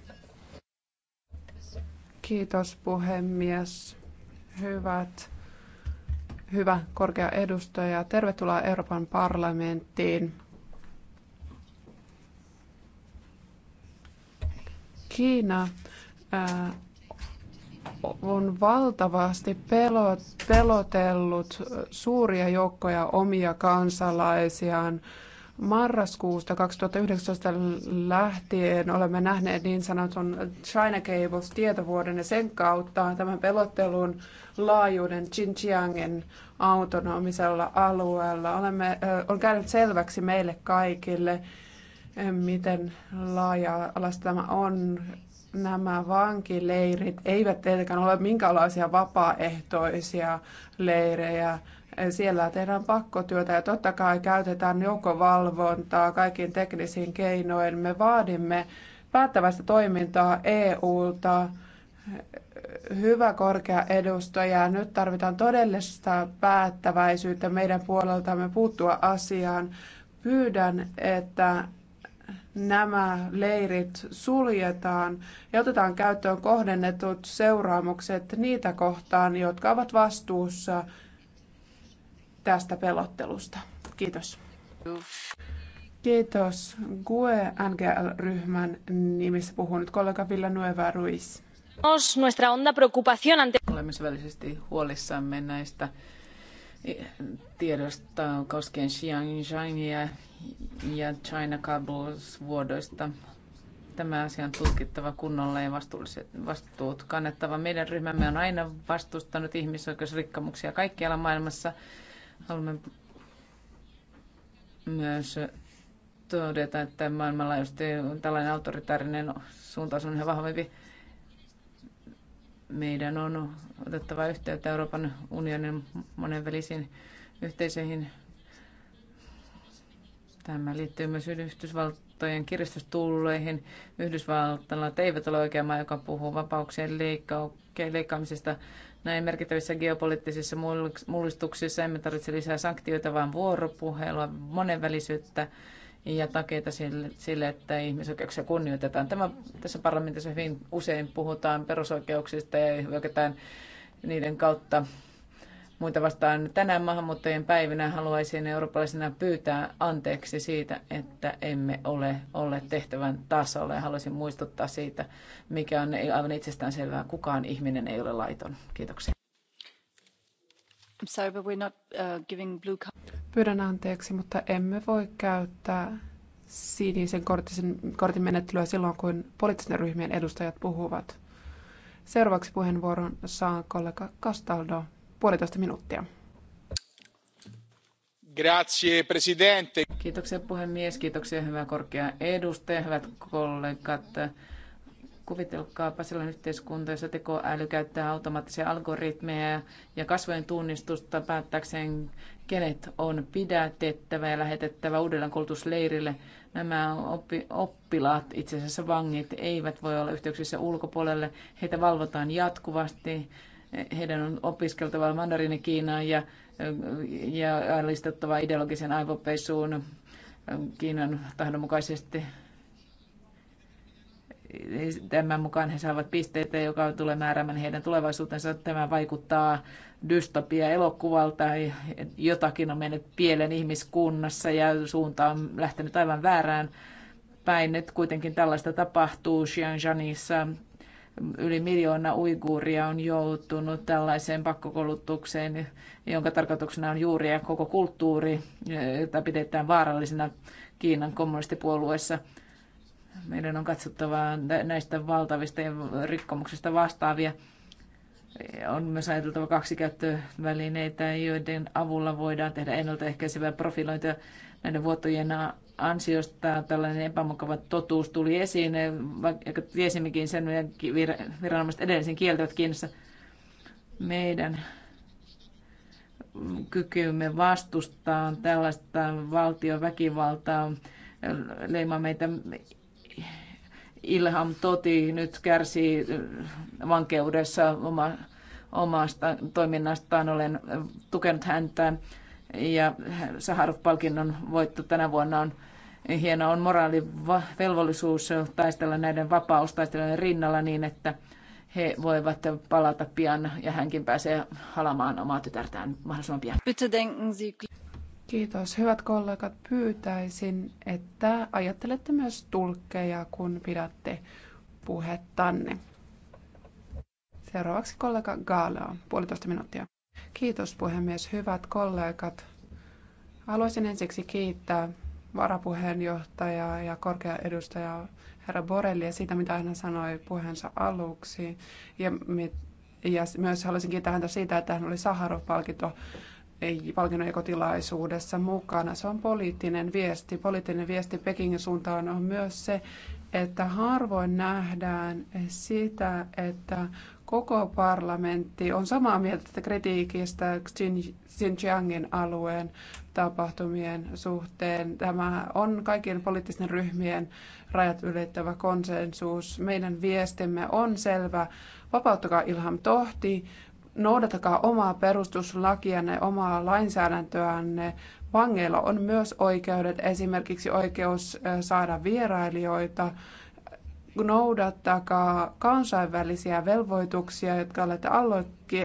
Kiitos puhemies. Hyvät, hyvä korkea edustaja. Tervetuloa Euroopan parlamenttiin. Kiina äh, on valtavasti pelotellut suuria joukkoja omia kansalaisiaan. Marraskuusta 2019 lähtien olemme nähneet niin sanotun China Cables tietovuoden ja sen kautta tämän pelottelun laajuuden Xinjiangin autonomisella alueella. Olemme, äh, on käynyt selväksi meille kaikille, miten laaja-alaista tämä on. Nämä vankileirit eivät tietenkään ole minkäänlaisia vapaaehtoisia leirejä. Siellä tehdään pakkotyötä ja totta kai käytetään joukkovalvontaa kaikkiin teknisiin keinoin. Me vaadimme päättävästä toimintaa EUlta. Hyvä korkea edustaja, nyt tarvitaan todellista päättäväisyyttä meidän puoleltamme puuttua asiaan. Pyydän, että nämä leirit suljetaan ja otetaan käyttöön kohdennetut seuraamukset niitä kohtaan, jotka ovat vastuussa tästä pelottelusta. Kiitos. Kiitos. GUE NGL-ryhmän nimissä puhuu nyt kollega Villanueva Ruiz. Olemme syvällisesti huolissamme näistä tiedosta koskien Xianjiangia ja China Cables-vuodoista. Tämä asia on tutkittava kunnolla ja vastuut kannettava. Meidän ryhmämme on aina vastustanut ihmisoikeusrikkomuksia kaikkialla maailmassa. Haluamme myös todeta, että maailmanlaajuisesti tällainen autoritaarinen suuntaus on yhä vahvempi. Meidän on otettava yhteyttä Euroopan unionin monenvälisiin yhteisöihin Tämä liittyy myös Yhdysvaltojen kiristystulleihin. Yhdysvaltalaiset eivät ole oikea maa, joka puhuu vapauksien leikkaamisesta. Näin merkittävissä geopoliittisissa mullistuksissa emme tarvitse lisää sanktioita, vaan vuoropuhelua, monenvälisyyttä ja takeita sille, sille että ihmisoikeuksia kunnioitetaan. Tämä, tässä parlamentissa hyvin usein puhutaan perusoikeuksista ja hyökätään niiden kautta muita vastaan. Tänään maahanmuuttajien päivinä haluaisin eurooppalaisena pyytää anteeksi siitä, että emme ole olleet tehtävän tasolla. Ja haluaisin muistuttaa siitä, mikä on aivan itsestään selvää. Kukaan ihminen ei ole laiton. Kiitoksia. sorry, but we're not, uh, giving blue card. Pyydän anteeksi, mutta emme voi käyttää sinisen kortin, kortin menettelyä silloin, kun poliittisten ryhmien edustajat puhuvat. Seuraavaksi puheenvuoron saa kollega Castaldo puolitoista minuuttia. Kiitoksia puhemies, kiitoksia hyvä korkea edustaja, hyvät kollegat. Kuvitelkaapa sellainen yhteiskunta, jossa tekoäly käyttää automaattisia algoritmeja ja kasvojen tunnistusta päättääkseen, kenet on pidätettävä ja lähetettävä uudelleen koulutusleirille. Nämä oppi, oppilaat, itse asiassa vangit, eivät voi olla yhteyksissä ulkopuolelle. Heitä valvotaan jatkuvasti heidän on opiskeltava mandariini Kiinaa ja, ja alistettava ideologisen aivopesuun Kiinan tahdon mukaisesti. Tämän mukaan he saavat pisteitä, joka tulee määräämään heidän tulevaisuutensa. Tämä vaikuttaa dystopia elokuvalta. Jotakin on mennyt pielen ihmiskunnassa ja suunta on lähtenyt aivan väärään päin. Nyt kuitenkin tällaista tapahtuu Xianjiangissa Yli miljoona uiguuria on joutunut tällaiseen pakkokoulutukseen, jonka tarkoituksena on juuri ja koko kulttuuri, jota pidetään vaarallisena Kiinan kommunistipuolueessa. Meidän on katsottava näistä valtavista rikkomuksista vastaavia on myös ajateltava kaksi käyttövälineitä, joiden avulla voidaan tehdä ennaltaehkäisevää profilointia näiden vuotojen ansiosta tällainen epämukava totuus tuli esiin, vaikka tiesimmekin sen, viranomaiset edellisen kieltävät Kiinassa meidän kykyymme vastustaa tällaista valtion väkivaltaa leimaa meitä Ilham Toti nyt kärsii vankeudessa oma, omasta toiminnastaan. Olen tukenut häntä ja Saharov-palkinnon voitto tänä vuonna on hieno on moraalivelvollisuus taistella näiden vapaustaistelijoiden rinnalla niin, että he voivat palata pian ja hänkin pääsee halamaan omaa tytärtään mahdollisimman pian. Kiitos. Hyvät kollegat, pyytäisin, että ajattelette myös tulkkeja, kun pidätte puhettanne. Seuraavaksi kollega Gaala, puolitoista minuuttia. Kiitos puhemies. Hyvät kollegat. Haluaisin ensiksi kiittää varapuheenjohtajaa ja korkea edustaja herra Borellia siitä, mitä hän sanoi puheensa aluksi. Ja, ja myös haluaisin kiittää häntä siitä, että hän oli Saharov-palkinto ei palkinnonjakotilaisuudessa mukana. Se on poliittinen viesti. Poliittinen viesti Pekingin suuntaan on myös se, että harvoin nähdään sitä, että koko parlamentti on samaa mieltä kritiikistä Xinjiangin alueen tapahtumien suhteen. Tämä on kaikkien poliittisten ryhmien rajat ylittävä konsensus. Meidän viestimme on selvä. Vapauttakaa Ilham Tohti, noudatakaa omaa perustuslakianne, omaa lainsäädäntöänne. Vangeilla on myös oikeudet, esimerkiksi oikeus eh, saada vierailijoita noudattakaa kansainvälisiä velvoituksia, jotka olette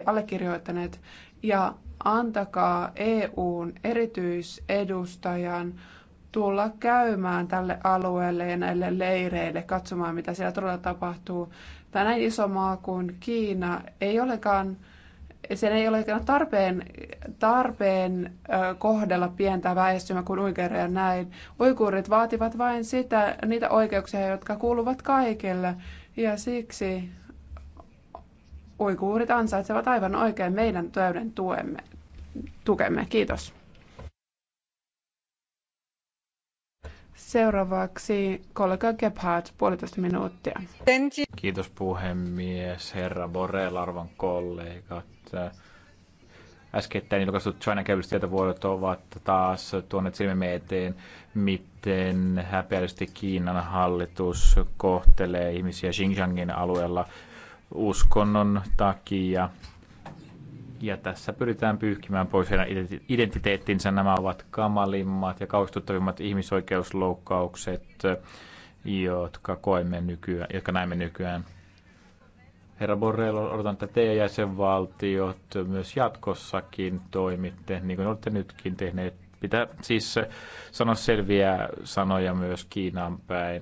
allekirjoittaneet, ja antakaa EUn erityisedustajan tulla käymään tälle alueelle ja näille leireille katsomaan, mitä siellä todella tapahtuu. Tämä näin iso maa kuin Kiina ei olekaan sen ei ole tarpeen, tarpeen kohdella pientä väestöä kuin uikereja näin. Uikurit vaativat vain sitä, niitä oikeuksia, jotka kuuluvat kaikille. Ja siksi uikuurit ansaitsevat aivan oikein meidän täyden tuemme, tukemme. Kiitos. Seuraavaksi kollega Gebhardt, puolitoista minuuttia. Kiitos puhemies, herra Borel, arvon kollegat. Äskettäin julkaistut China Cables-tietovuodot ovat taas tuoneet silmimme eteen, miten häpeällisesti Kiinan hallitus kohtelee ihmisiä Xinjiangin alueella uskonnon takia ja tässä pyritään pyyhkimään pois heidän identiteettinsä. Nämä ovat kamalimmat ja kaustuttavimmat ihmisoikeusloukkaukset, jotka koemme nykyään, jotka näemme nykyään. Herra Borrell, odotan, että te jäsenvaltiot myös jatkossakin toimitte, niin kuin olette nytkin tehneet. Pitää siis sanoa selviä sanoja myös Kiinaan päin.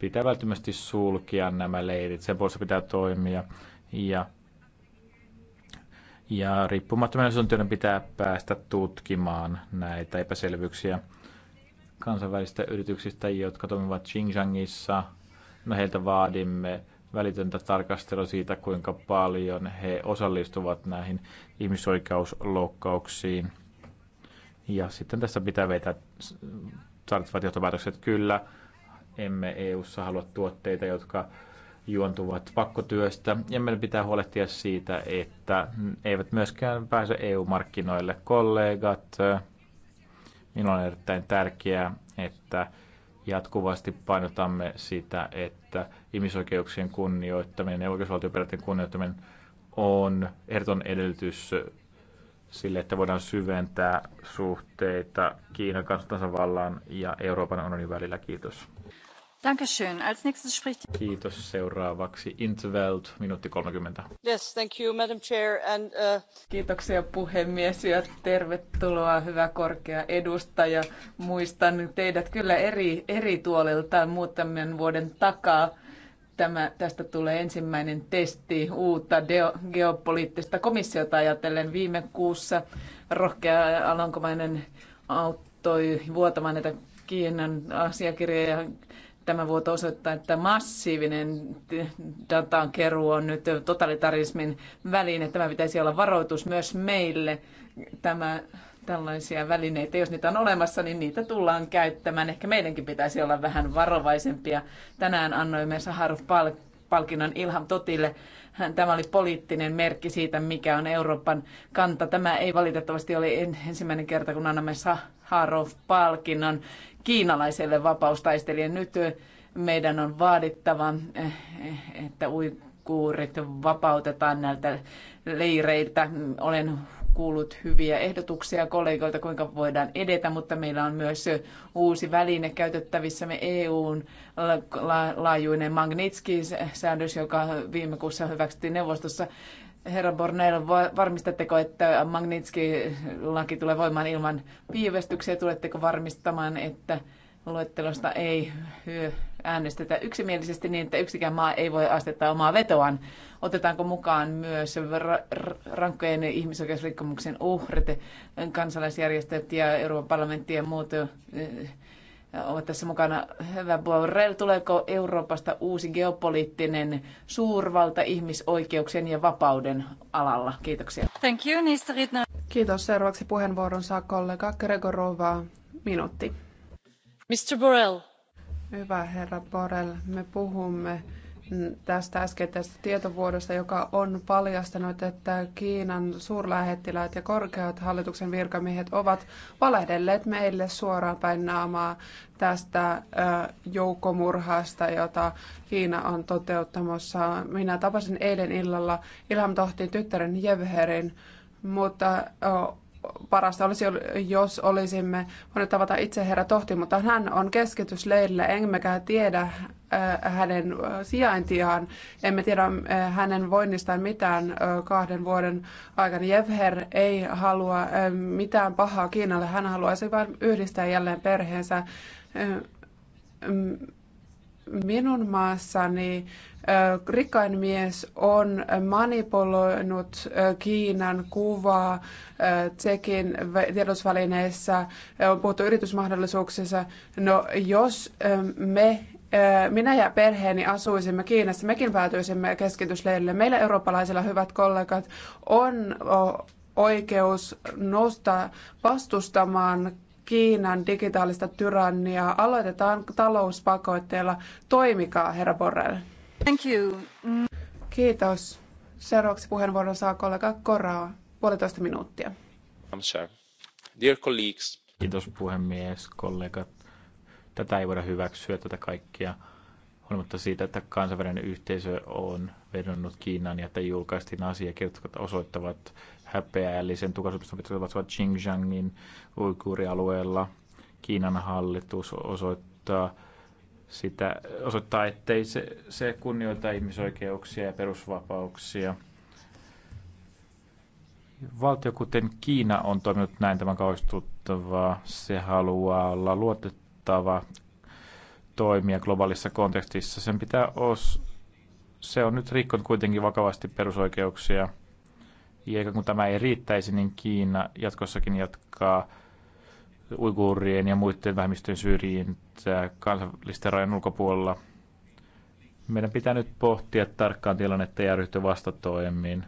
pitää välttämättä sulkia nämä leirit, sen puolesta pitää toimia ja ja riippumattomien asiantuntijoiden pitää päästä tutkimaan näitä epäselvyyksiä kansainvälisistä yrityksistä, jotka toimivat Xinjiangissa. No heiltä vaadimme välitöntä tarkastelua siitä, kuinka paljon he osallistuvat näihin ihmisoikeusloukkauksiin. Ja sitten tässä pitää vetää tarvittavat johtopäätökset. Kyllä, emme EU:ssa halua tuotteita, jotka juontuvat pakkotyöstä, ja meidän pitää huolehtia siitä, että eivät myöskään pääse EU-markkinoille kollegat. Minulla on erittäin tärkeää, että jatkuvasti painotamme sitä, että ihmisoikeuksien kunnioittaminen ja oikeusvaltioperiaatteen kunnioittaminen on erton edellytys sille, että voidaan syventää suhteita Kiinan kanssa tasavallan ja Euroopan unionin välillä. Kiitos. Kiitos. Seuraavaksi Intveld, minuutti 30. Yes, thank you, Madam Chair, and, uh... Kiitoksia puhemies ja tervetuloa hyvä korkea edustaja. Muistan teidät kyllä eri, eri tuolilta muutaman vuoden takaa. Tämä, tästä tulee ensimmäinen testi uutta deo, geopoliittista komissiota ajatellen viime kuussa. Rohkea alankomainen auttoi vuotamaan näitä Kiinan asiakirjoja tämä vuoto osoittaa, että massiivinen datan keruu on nyt totalitarismin väline. Tämä pitäisi olla varoitus myös meille. Tämä, tällaisia välineitä, jos niitä on olemassa, niin niitä tullaan käyttämään. Ehkä meidänkin pitäisi olla vähän varovaisempia. Tänään annoimme Saharov-palkinnon Ilham Totille. Tämä oli poliittinen merkki siitä, mikä on Euroopan kanta. Tämä ei valitettavasti ole ensimmäinen kerta, kun annamme Saharov-palkinnon kiinalaiselle vapaustaistelijalle. Nyt meidän on vaadittava, eh, eh, että uikuurit vapautetaan näiltä leireiltä. Olen kuullut hyviä ehdotuksia kollegoilta, kuinka voidaan edetä, mutta meillä on myös uusi väline käytettävissämme EUn laajuinen Magnitski-säädös, joka viime kuussa hyväksyttiin neuvostossa. Herra Bornell, varmistatteko, että Magnitski-laki tulee voimaan ilman viivästyksiä? Tuletteko varmistamaan, että luettelosta ei äänestetä yksimielisesti niin, että yksikään maa ei voi astetta omaa vetoaan? Otetaanko mukaan myös rankkojen ihmisoikeusrikkomuksen uhrit, kansalaisjärjestöt ja Euroopan parlamentti ja muut eh, ovat tässä mukana. Hyvä Borrell, tuleeko Euroopasta uusi geopoliittinen suurvalta ihmisoikeuksien ja vapauden alalla? Kiitoksia. Thank you, Kiitos. Seuraavaksi puheenvuoron saa kollega Gregorova. Minuutti. Mr. Borrell. Hyvä herra Borrell, me puhumme tästä äskeisestä tietovuodosta, joka on paljastanut, että Kiinan suurlähettiläät ja korkeat hallituksen virkamiehet ovat valehdelleet meille suoraan päin naamaa tästä joukkomurhasta, jota Kiina on toteuttamassa. Minä tapasin eilen illalla Ilham Tohtin tyttären Jevherin, mutta parasta olisi, jos olisimme voineet tavata itse herra Tohti, mutta hän on keskitysleirillä, emmekä tiedä Äh, hänen äh, sijaintiaan. Emme tiedä äh, hänen voinnistaan mitään kahden vuoden aikana. Jevher ei halua mitään pahaa Kiinalle. Hän haluaisi vain yhdistää jälleen perheensä. Mm, minun maassani rikkain mies on manipuloinut Kiinan kuvaa Tsekin tiedotusvälineissä, on puhuttu yritysmahdollisuuksissa. No, jos me minä ja perheeni asuisimme Kiinassa, mekin päätyisimme keskitysleirille. Meillä eurooppalaisilla hyvät kollegat on oikeus nousta vastustamaan Kiinan digitaalista tyranniaa. Aloitetaan talouspakotteilla Toimikaa, herra Borrell. Thank you. Kiitos. Seuraavaksi puheenvuoron saa kollega Koraa. Puolitoista minuuttia. I'm sorry. Dear colleagues. Kiitos puhemies, kollegat Tätä ei voida hyväksyä, tätä kaikkia, huolimatta siitä, että kansainvälinen yhteisö on vedonnut Kiinan ja että julkaistiin asiakirjat, jotka osoittavat häpeällisen tukasopimuksen, jotka Xinjiangin uikuurialueella. Kiinan hallitus osoittaa sitä osoittaa, ettei se, se kunnioita ihmisoikeuksia ja perusvapauksia. Valtio, kuten Kiina, on toiminut näin tämän kauhistuttavaa. Se haluaa olla luotettava kattava toimija globaalissa kontekstissa. Sen pitää os, se on nyt rikkonut kuitenkin vakavasti perusoikeuksia. Ja kun tämä ei riittäisi, niin Kiina jatkossakin jatkaa uiguurien ja muiden vähemmistöjen syrjintää kansallisten rajan ulkopuolella. Meidän pitää nyt pohtia tarkkaan tilannetta ja ryhtyä vastatoimiin.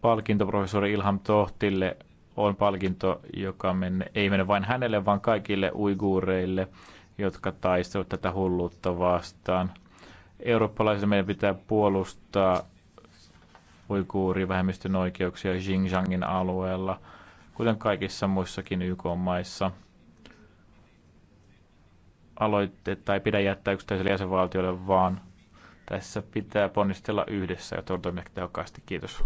Palkinto professori Ilham Tohtille on palkinto, joka menne, ei mene vain hänelle, vaan kaikille uiguureille, jotka taistelevat tätä hulluutta vastaan. Eurooppalaisille meidän pitää puolustaa uiguurivähemmistön oikeuksia Xinjiangin alueella, kuten kaikissa muissakin YK-maissa. Aloitetta ei pidä jättää yksittäiselle jäsenvaltiolle, vaan tässä pitää ponnistella yhdessä ja toimia tehokkaasti. Kiitos.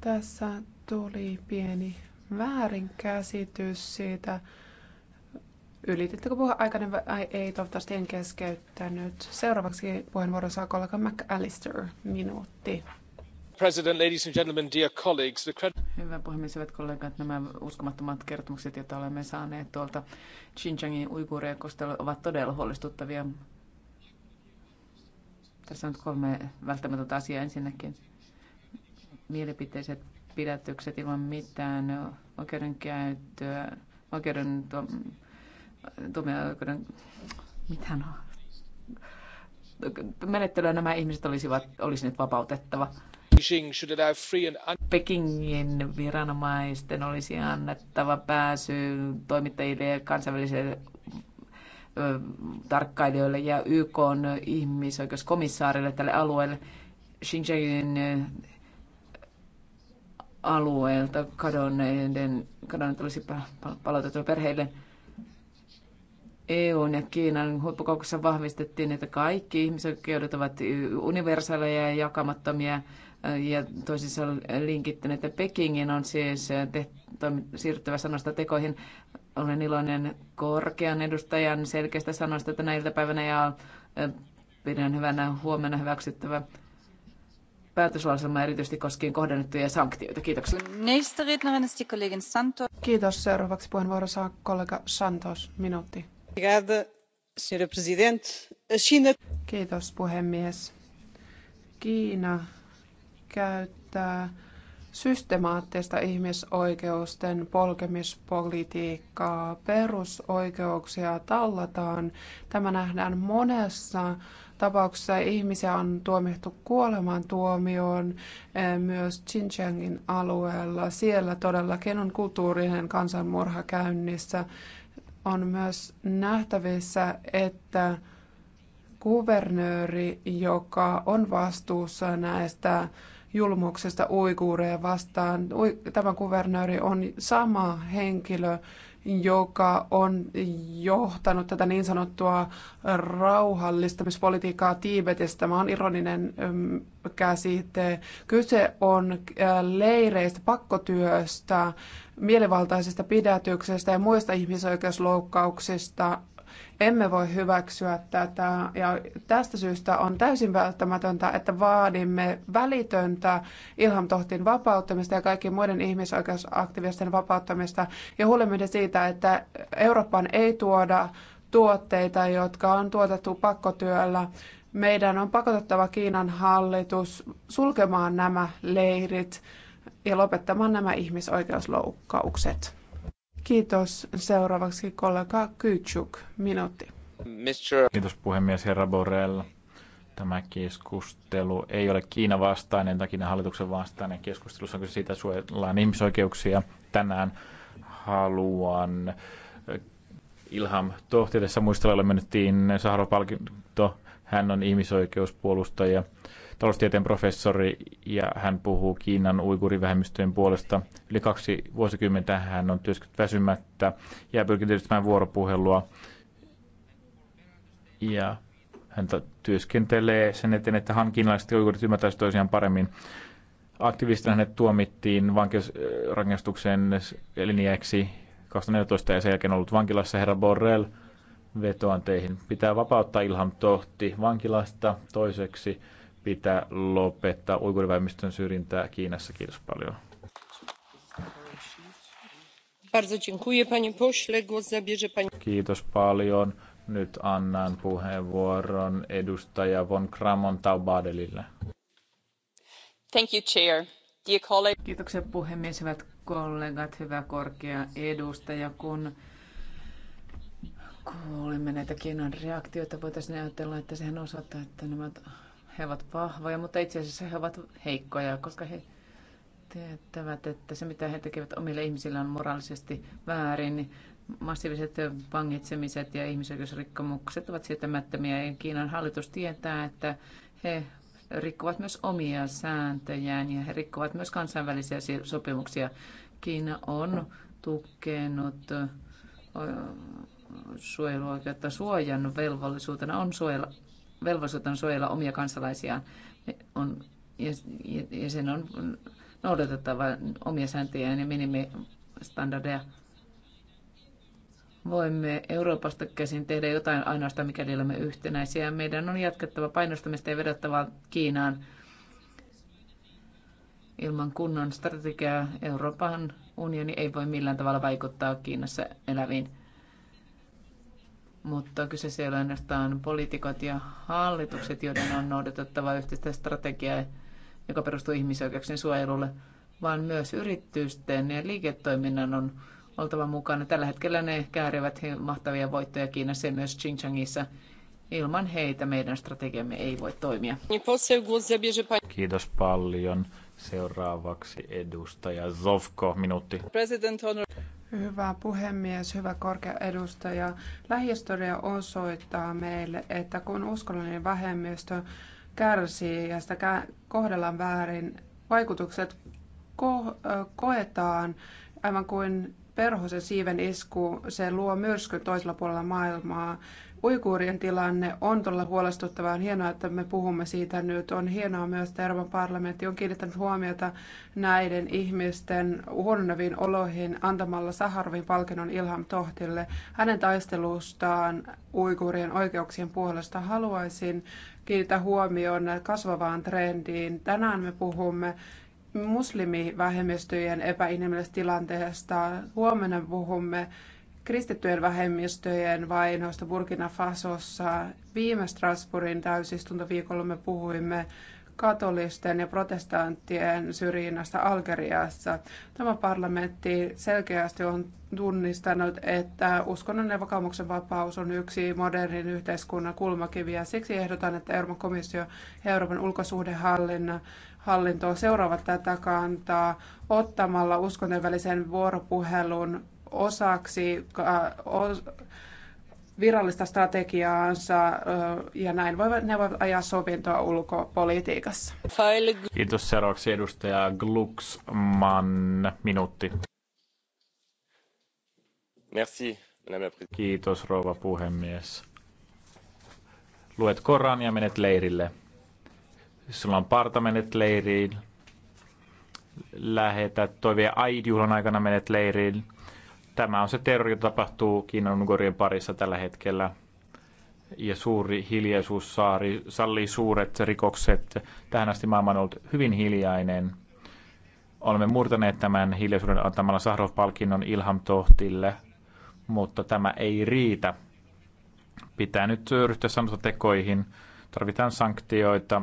Tässä tuli pieni väärinkäsitys siitä. Ylitettekö puhua aikana vai ei? Toivottavasti en keskeyttänyt. Seuraavaksi puheenvuoro saa kollega McAllister. Minuutti. President, ladies and gentlemen, dear colleagues, the credit... Hyvä puhemies, hyvät kollegat, nämä uskomattomat kertomukset, joita olemme saaneet tuolta Xinjiangin uiguureja ovat todella huolestuttavia. Tässä on kolme välttämätöntä asiaa. Ensinnäkin mielipiteiset pidätykset ilman mitään oikeudenkäyttöä, oikeuden tuomioikeuden no? menettelyä nämä ihmiset olisivat, olisi nyt vapautettava. Pekingin viranomaisten olisi annettava pääsy toimittajille ja kansainvälisille tarkkailijoille ja YK on ihmisoikeuskomissaarille tälle alueelle. Xinjiangin alueelta kadonneiden, kadonneet olisi palautettu perheille. EUn ja Kiinan huippukokouksessa vahvistettiin, että kaikki ihmisoikeudet ovat universaaleja ja jakamattomia ja toisissa linkittäneet, että Pekingin on siis äh, siirtyvä sanoista tekoihin. Olen iloinen korkean edustajan selkeästä sanoista tänä iltapäivänä ja äh, pidän hyvänä huomenna hyväksyttävä päätöslauselma erityisesti koskien kohdennettuja sanktioita. Kiitoksia. Kiitos. Seuraavaksi puheenvuoro saa kollega Santos. Minuutti. Kiitos puhemies. Kiina käyttää systemaattista ihmisoikeusten polkemispolitiikkaa. Perusoikeuksia tallataan. Tämä nähdään monessa tapauksessa. Ihmisiä on tuomittu kuolemantuomioon eh, myös Xinjiangin alueella. Siellä todellakin on kulttuurinen kansanmurha käynnissä. On myös nähtävissä, että kuvernööri, joka on vastuussa näistä julmuuksista uiguureja vastaan. Tämä kuvernööri on sama henkilö, joka on johtanut tätä niin sanottua rauhallistamispolitiikkaa Tiibetissä. Tämä on ironinen käsite. Kyse on äh, leireistä, pakkotyöstä, mielivaltaisesta pidätyksestä ja muista ihmisoikeusloukkauksista emme voi hyväksyä tätä ja tästä syystä on täysin välttämätöntä, että vaadimme välitöntä Ilham Tohtin vapauttamista ja kaikkien muiden ihmisoikeusaktivisten vapauttamista ja huolemme siitä, että Eurooppaan ei tuoda tuotteita, jotka on tuotettu pakkotyöllä. Meidän on pakotettava Kiinan hallitus sulkemaan nämä leirit ja lopettamaan nämä ihmisoikeusloukkaukset. Kiitos. Seuraavaksi kollega Kytsuk, minuutti. Kiitos puhemies herra Borrell. Tämä keskustelu ei ole Kiina vastainen tai Kiinan hallituksen vastainen. Keskustelussa kun siitä, suojellaan ihmisoikeuksia. Tänään haluan eh, Ilham tässä muistella, menettiin Saharo-palkinto. Hän on ihmisoikeuspuolustaja taloustieteen professori ja hän puhuu Kiinan uigurivähemmistöjen puolesta. Yli kaksi vuosikymmentä hän on työskennellyt väsymättä ja pyrkii tietysti vuoropuhelua. Ja hän työskentelee sen eteen, että hän kiinalaiset uigurit ymmärtäisivät toisiaan paremmin. Aktivistina hänet tuomittiin vankeusrangaistuksen eliniäksi 2014 ja sen jälkeen ollut vankilassa herra Borrell vetoan teihin. Pitää vapauttaa Ilham Tohti vankilasta toiseksi pitää lopettaa uigurivähemmistön syrjintää Kiinassa. Kiitos paljon. Kiitos paljon. Nyt annan puheenvuoron edustaja von Kramon Taubadelille. Thank you, Chair. Kiitoksia puhemies, hyvät kollegat, hyvä korkea edustaja. Kun kuulimme näitä Kiinan reaktioita, voitaisiin ajatella, että sehän osoittaa, että nämä he ovat vahvoja, mutta itse asiassa he ovat heikkoja, koska he tietävät, että se mitä he tekevät omille ihmisille on moraalisesti väärin. niin Massiiviset vangitsemiset ja ihmisoikeusrikkomukset ovat sietämättömiä ja Kiinan hallitus tietää, että he rikkovat myös omia sääntöjään ja he rikkovat myös kansainvälisiä sopimuksia. Kiina on tukenut suojeluoikeutta suojan velvollisuutena on suojella velvollisuus suojella omia kansalaisiaan on, ja, ja sen on noudatettava omia sääntöjä ja minimistandardeja. Voimme Euroopasta käsin tehdä jotain ainoastaan, mikäli olemme yhtenäisiä. Meidän on jatkettava painostamista ja vedottava Kiinaan. Ilman kunnon strategiaa Euroopan unioni ei voi millään tavalla vaikuttaa Kiinassa eläviin mutta kyseessä ei ole ainoastaan poliitikot ja hallitukset, joiden on noudatettava yhteistä strategiaa, joka perustuu ihmisoikeuksien suojelulle, vaan myös yritysten ja liiketoiminnan on oltava mukana. Tällä hetkellä ne käärivät mahtavia voittoja Kiinassa ja myös Xinjiangissa. Ilman heitä meidän strategiamme ei voi toimia. Kiitos paljon. Seuraavaksi edustaja Zovko, minuutti. Hyvä puhemies, hyvä korkea edustaja. Lähihistoria osoittaa meille, että kun uskonnollinen vähemmistö kärsii ja sitä kohdellaan väärin, vaikutukset ko- koetaan aivan kuin perhosen siiven isku, se luo myrskyn toisella puolella maailmaa. Uiguurien tilanne on todella huolestuttavaa. On hienoa, että me puhumme siitä nyt. On hienoa myös, että Euroopan parlamentti on kiinnittänyt huomiota näiden ihmisten huononeviin oloihin antamalla Saharovin palkinnon Ilham Tohtille. Hänen taistelustaan uiguurien oikeuksien puolesta haluaisin kiinnittää huomioon kasvavaan trendiin. Tänään me puhumme muslimivähemmistöjen epäinhimillisestä tilanteesta. Huomenna puhumme kristittyjen vähemmistöjen vainoista Burkina Fasossa. Viime Strasbourgin täysistuntoviikolla me puhuimme katolisten ja protestanttien syrjinnästä Algeriassa. Tämä parlamentti selkeästi on tunnistanut, että uskonnon ja vakaumuksen vapaus on yksi modernin yhteiskunnan kulmakiviä. Siksi ehdotan, että Euroopan komissio ja Euroopan ulkosuhdehallinto seuraavat tätä kantaa ottamalla uskontojen välisen vuoropuhelun osaksi virallista strategiaansa ja näin voivat, ne voivat ajaa sovintoa ulkopolitiikassa. Kiitos seuraavaksi edustaja Glucksmann, minuutti. Merci, Kiitos rouva puhemies. Luet Koran ja menet leirille. Sulla on parta, menet leiriin. Lähetät toivien aid aikana menet leiriin Tämä on se terrori, joka tapahtuu Kiinan Ungorien parissa tällä hetkellä. Ja suuri hiljaisuus saari, sallii suuret rikokset. Tähän asti maailma on ollut hyvin hiljainen. Olemme murtaneet tämän hiljaisuuden antamalla Sahrov-palkinnon Ilham Tohtille, mutta tämä ei riitä. Pitää nyt ryhtyä tekoihin. Tarvitaan sanktioita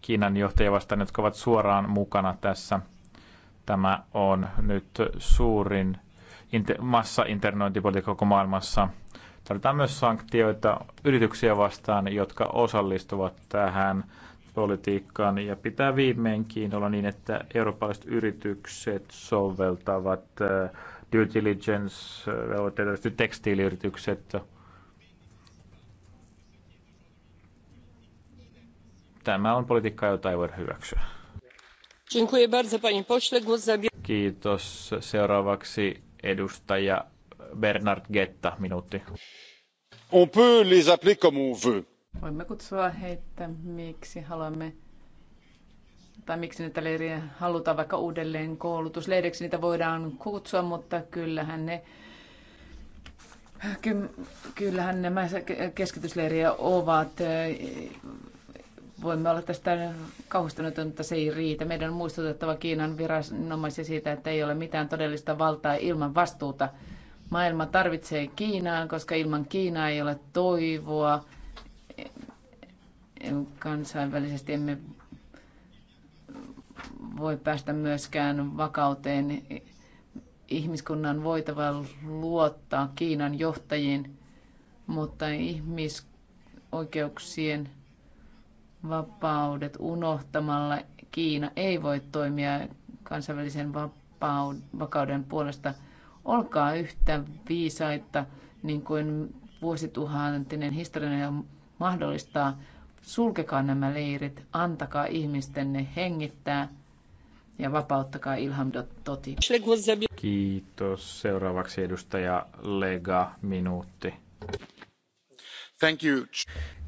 Kiinan johtajia vastaan, jotka ovat suoraan mukana tässä. Tämä on nyt suurin inter- massainternointipolitiikka koko maailmassa. Tarvitaan myös sanktioita yrityksiä vastaan, jotka osallistuvat tähän politiikkaan. Ja pitää viimeinkin olla niin, että eurooppalaiset yritykset soveltavat äh, due diligence äh, tietysti tekstiiliyritykset, tämä on politiikkaa, jota ei voida hyväksyä. Kiitos. Seuraavaksi edustaja Bernard Getta, minuutti. On peut les appeler comme on veut. Voimme kutsua heitä, miksi haluamme tai miksi niitä leiriä halutaan vaikka uudelleen koulutusleireiksi, niitä voidaan kutsua, mutta kyllähän ne Kyllähän nämä keskitysleiriä ovat voimme olla tästä kauhistuneita, mutta se ei riitä. Meidän on muistutettava Kiinan viranomaisia siitä, että ei ole mitään todellista valtaa ilman vastuuta. Maailma tarvitsee Kiinaa, koska ilman Kiinaa ei ole toivoa. Kansainvälisesti emme voi päästä myöskään vakauteen. Ihmiskunnan voitava luottaa Kiinan johtajiin, mutta ihmisoikeuksien vapaudet unohtamalla Kiina ei voi toimia kansainvälisen vakauden puolesta. Olkaa yhtä viisaita, niin kuin vuosituhantinen historian mahdollistaa. Sulkekaa nämä leirit, antakaa ihmistenne hengittää ja vapauttakaa Ilham Totti. Kiitos. Seuraavaksi edustaja Lega, minuutti. Thank you.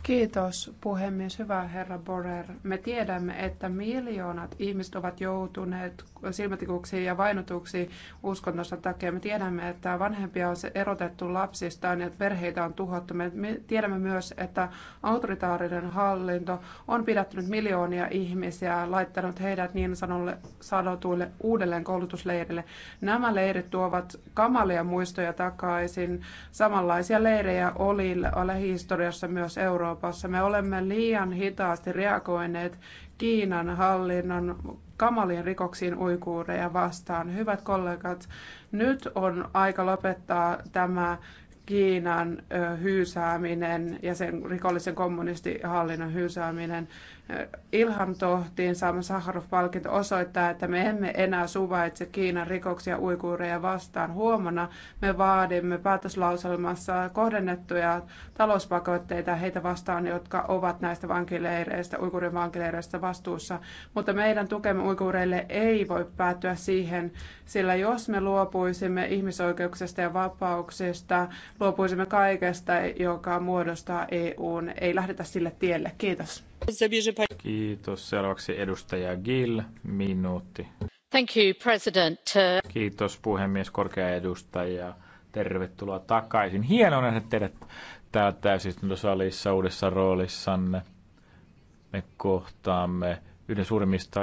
Kiitos puhemies, hyvä herra Borer. Me tiedämme, että miljoonat ihmiset ovat joutuneet silmätikuksi ja vainotuksi uskontonsa takia. Me tiedämme, että vanhempia on erotettu lapsistaan ja perheitä on tuhottu. Me tiedämme myös, että autoritaarinen hallinto on pidättänyt miljoonia ihmisiä ja laittanut heidät niin sanolle, sanotuille uudelleen koulutusleirille. Nämä leirit tuovat kamalia muistoja takaisin. Samanlaisia leirejä oli lähihistoriassa myös Euroopassa Euroopassa. Me olemme liian hitaasti reagoineet Kiinan hallinnon kamalien rikoksiin uikuureja vastaan. Hyvät kollegat, nyt on aika lopettaa tämä Kiinan hyysääminen ja sen rikollisen kommunistihallinnon hyysääminen. Ilham Tohtiin saama Saharov-palkinto osoittaa, että me emme enää suvaitse Kiinan rikoksia uikuureja vastaan. Huomenna me vaadimme päätöslauselmassa kohdennettuja talouspakotteita heitä vastaan, jotka ovat näistä vankileireistä, uikuurien vankileireistä vastuussa. Mutta meidän tukemme uikuureille ei voi päättyä siihen, sillä jos me luopuisimme ihmisoikeuksista ja vapauksista, luopuisimme kaikesta, joka muodostaa EUn. Ei lähdetä sille tielle. Kiitos. Kiitos. Seuraavaksi edustaja Gill, minuutti. Thank you, President. Kiitos puhemies, korkea edustaja. Tervetuloa takaisin. Hienoa nähdä teidät täällä täysistuntosalissa uudessa roolissanne. Me kohtaamme yhden suurimmista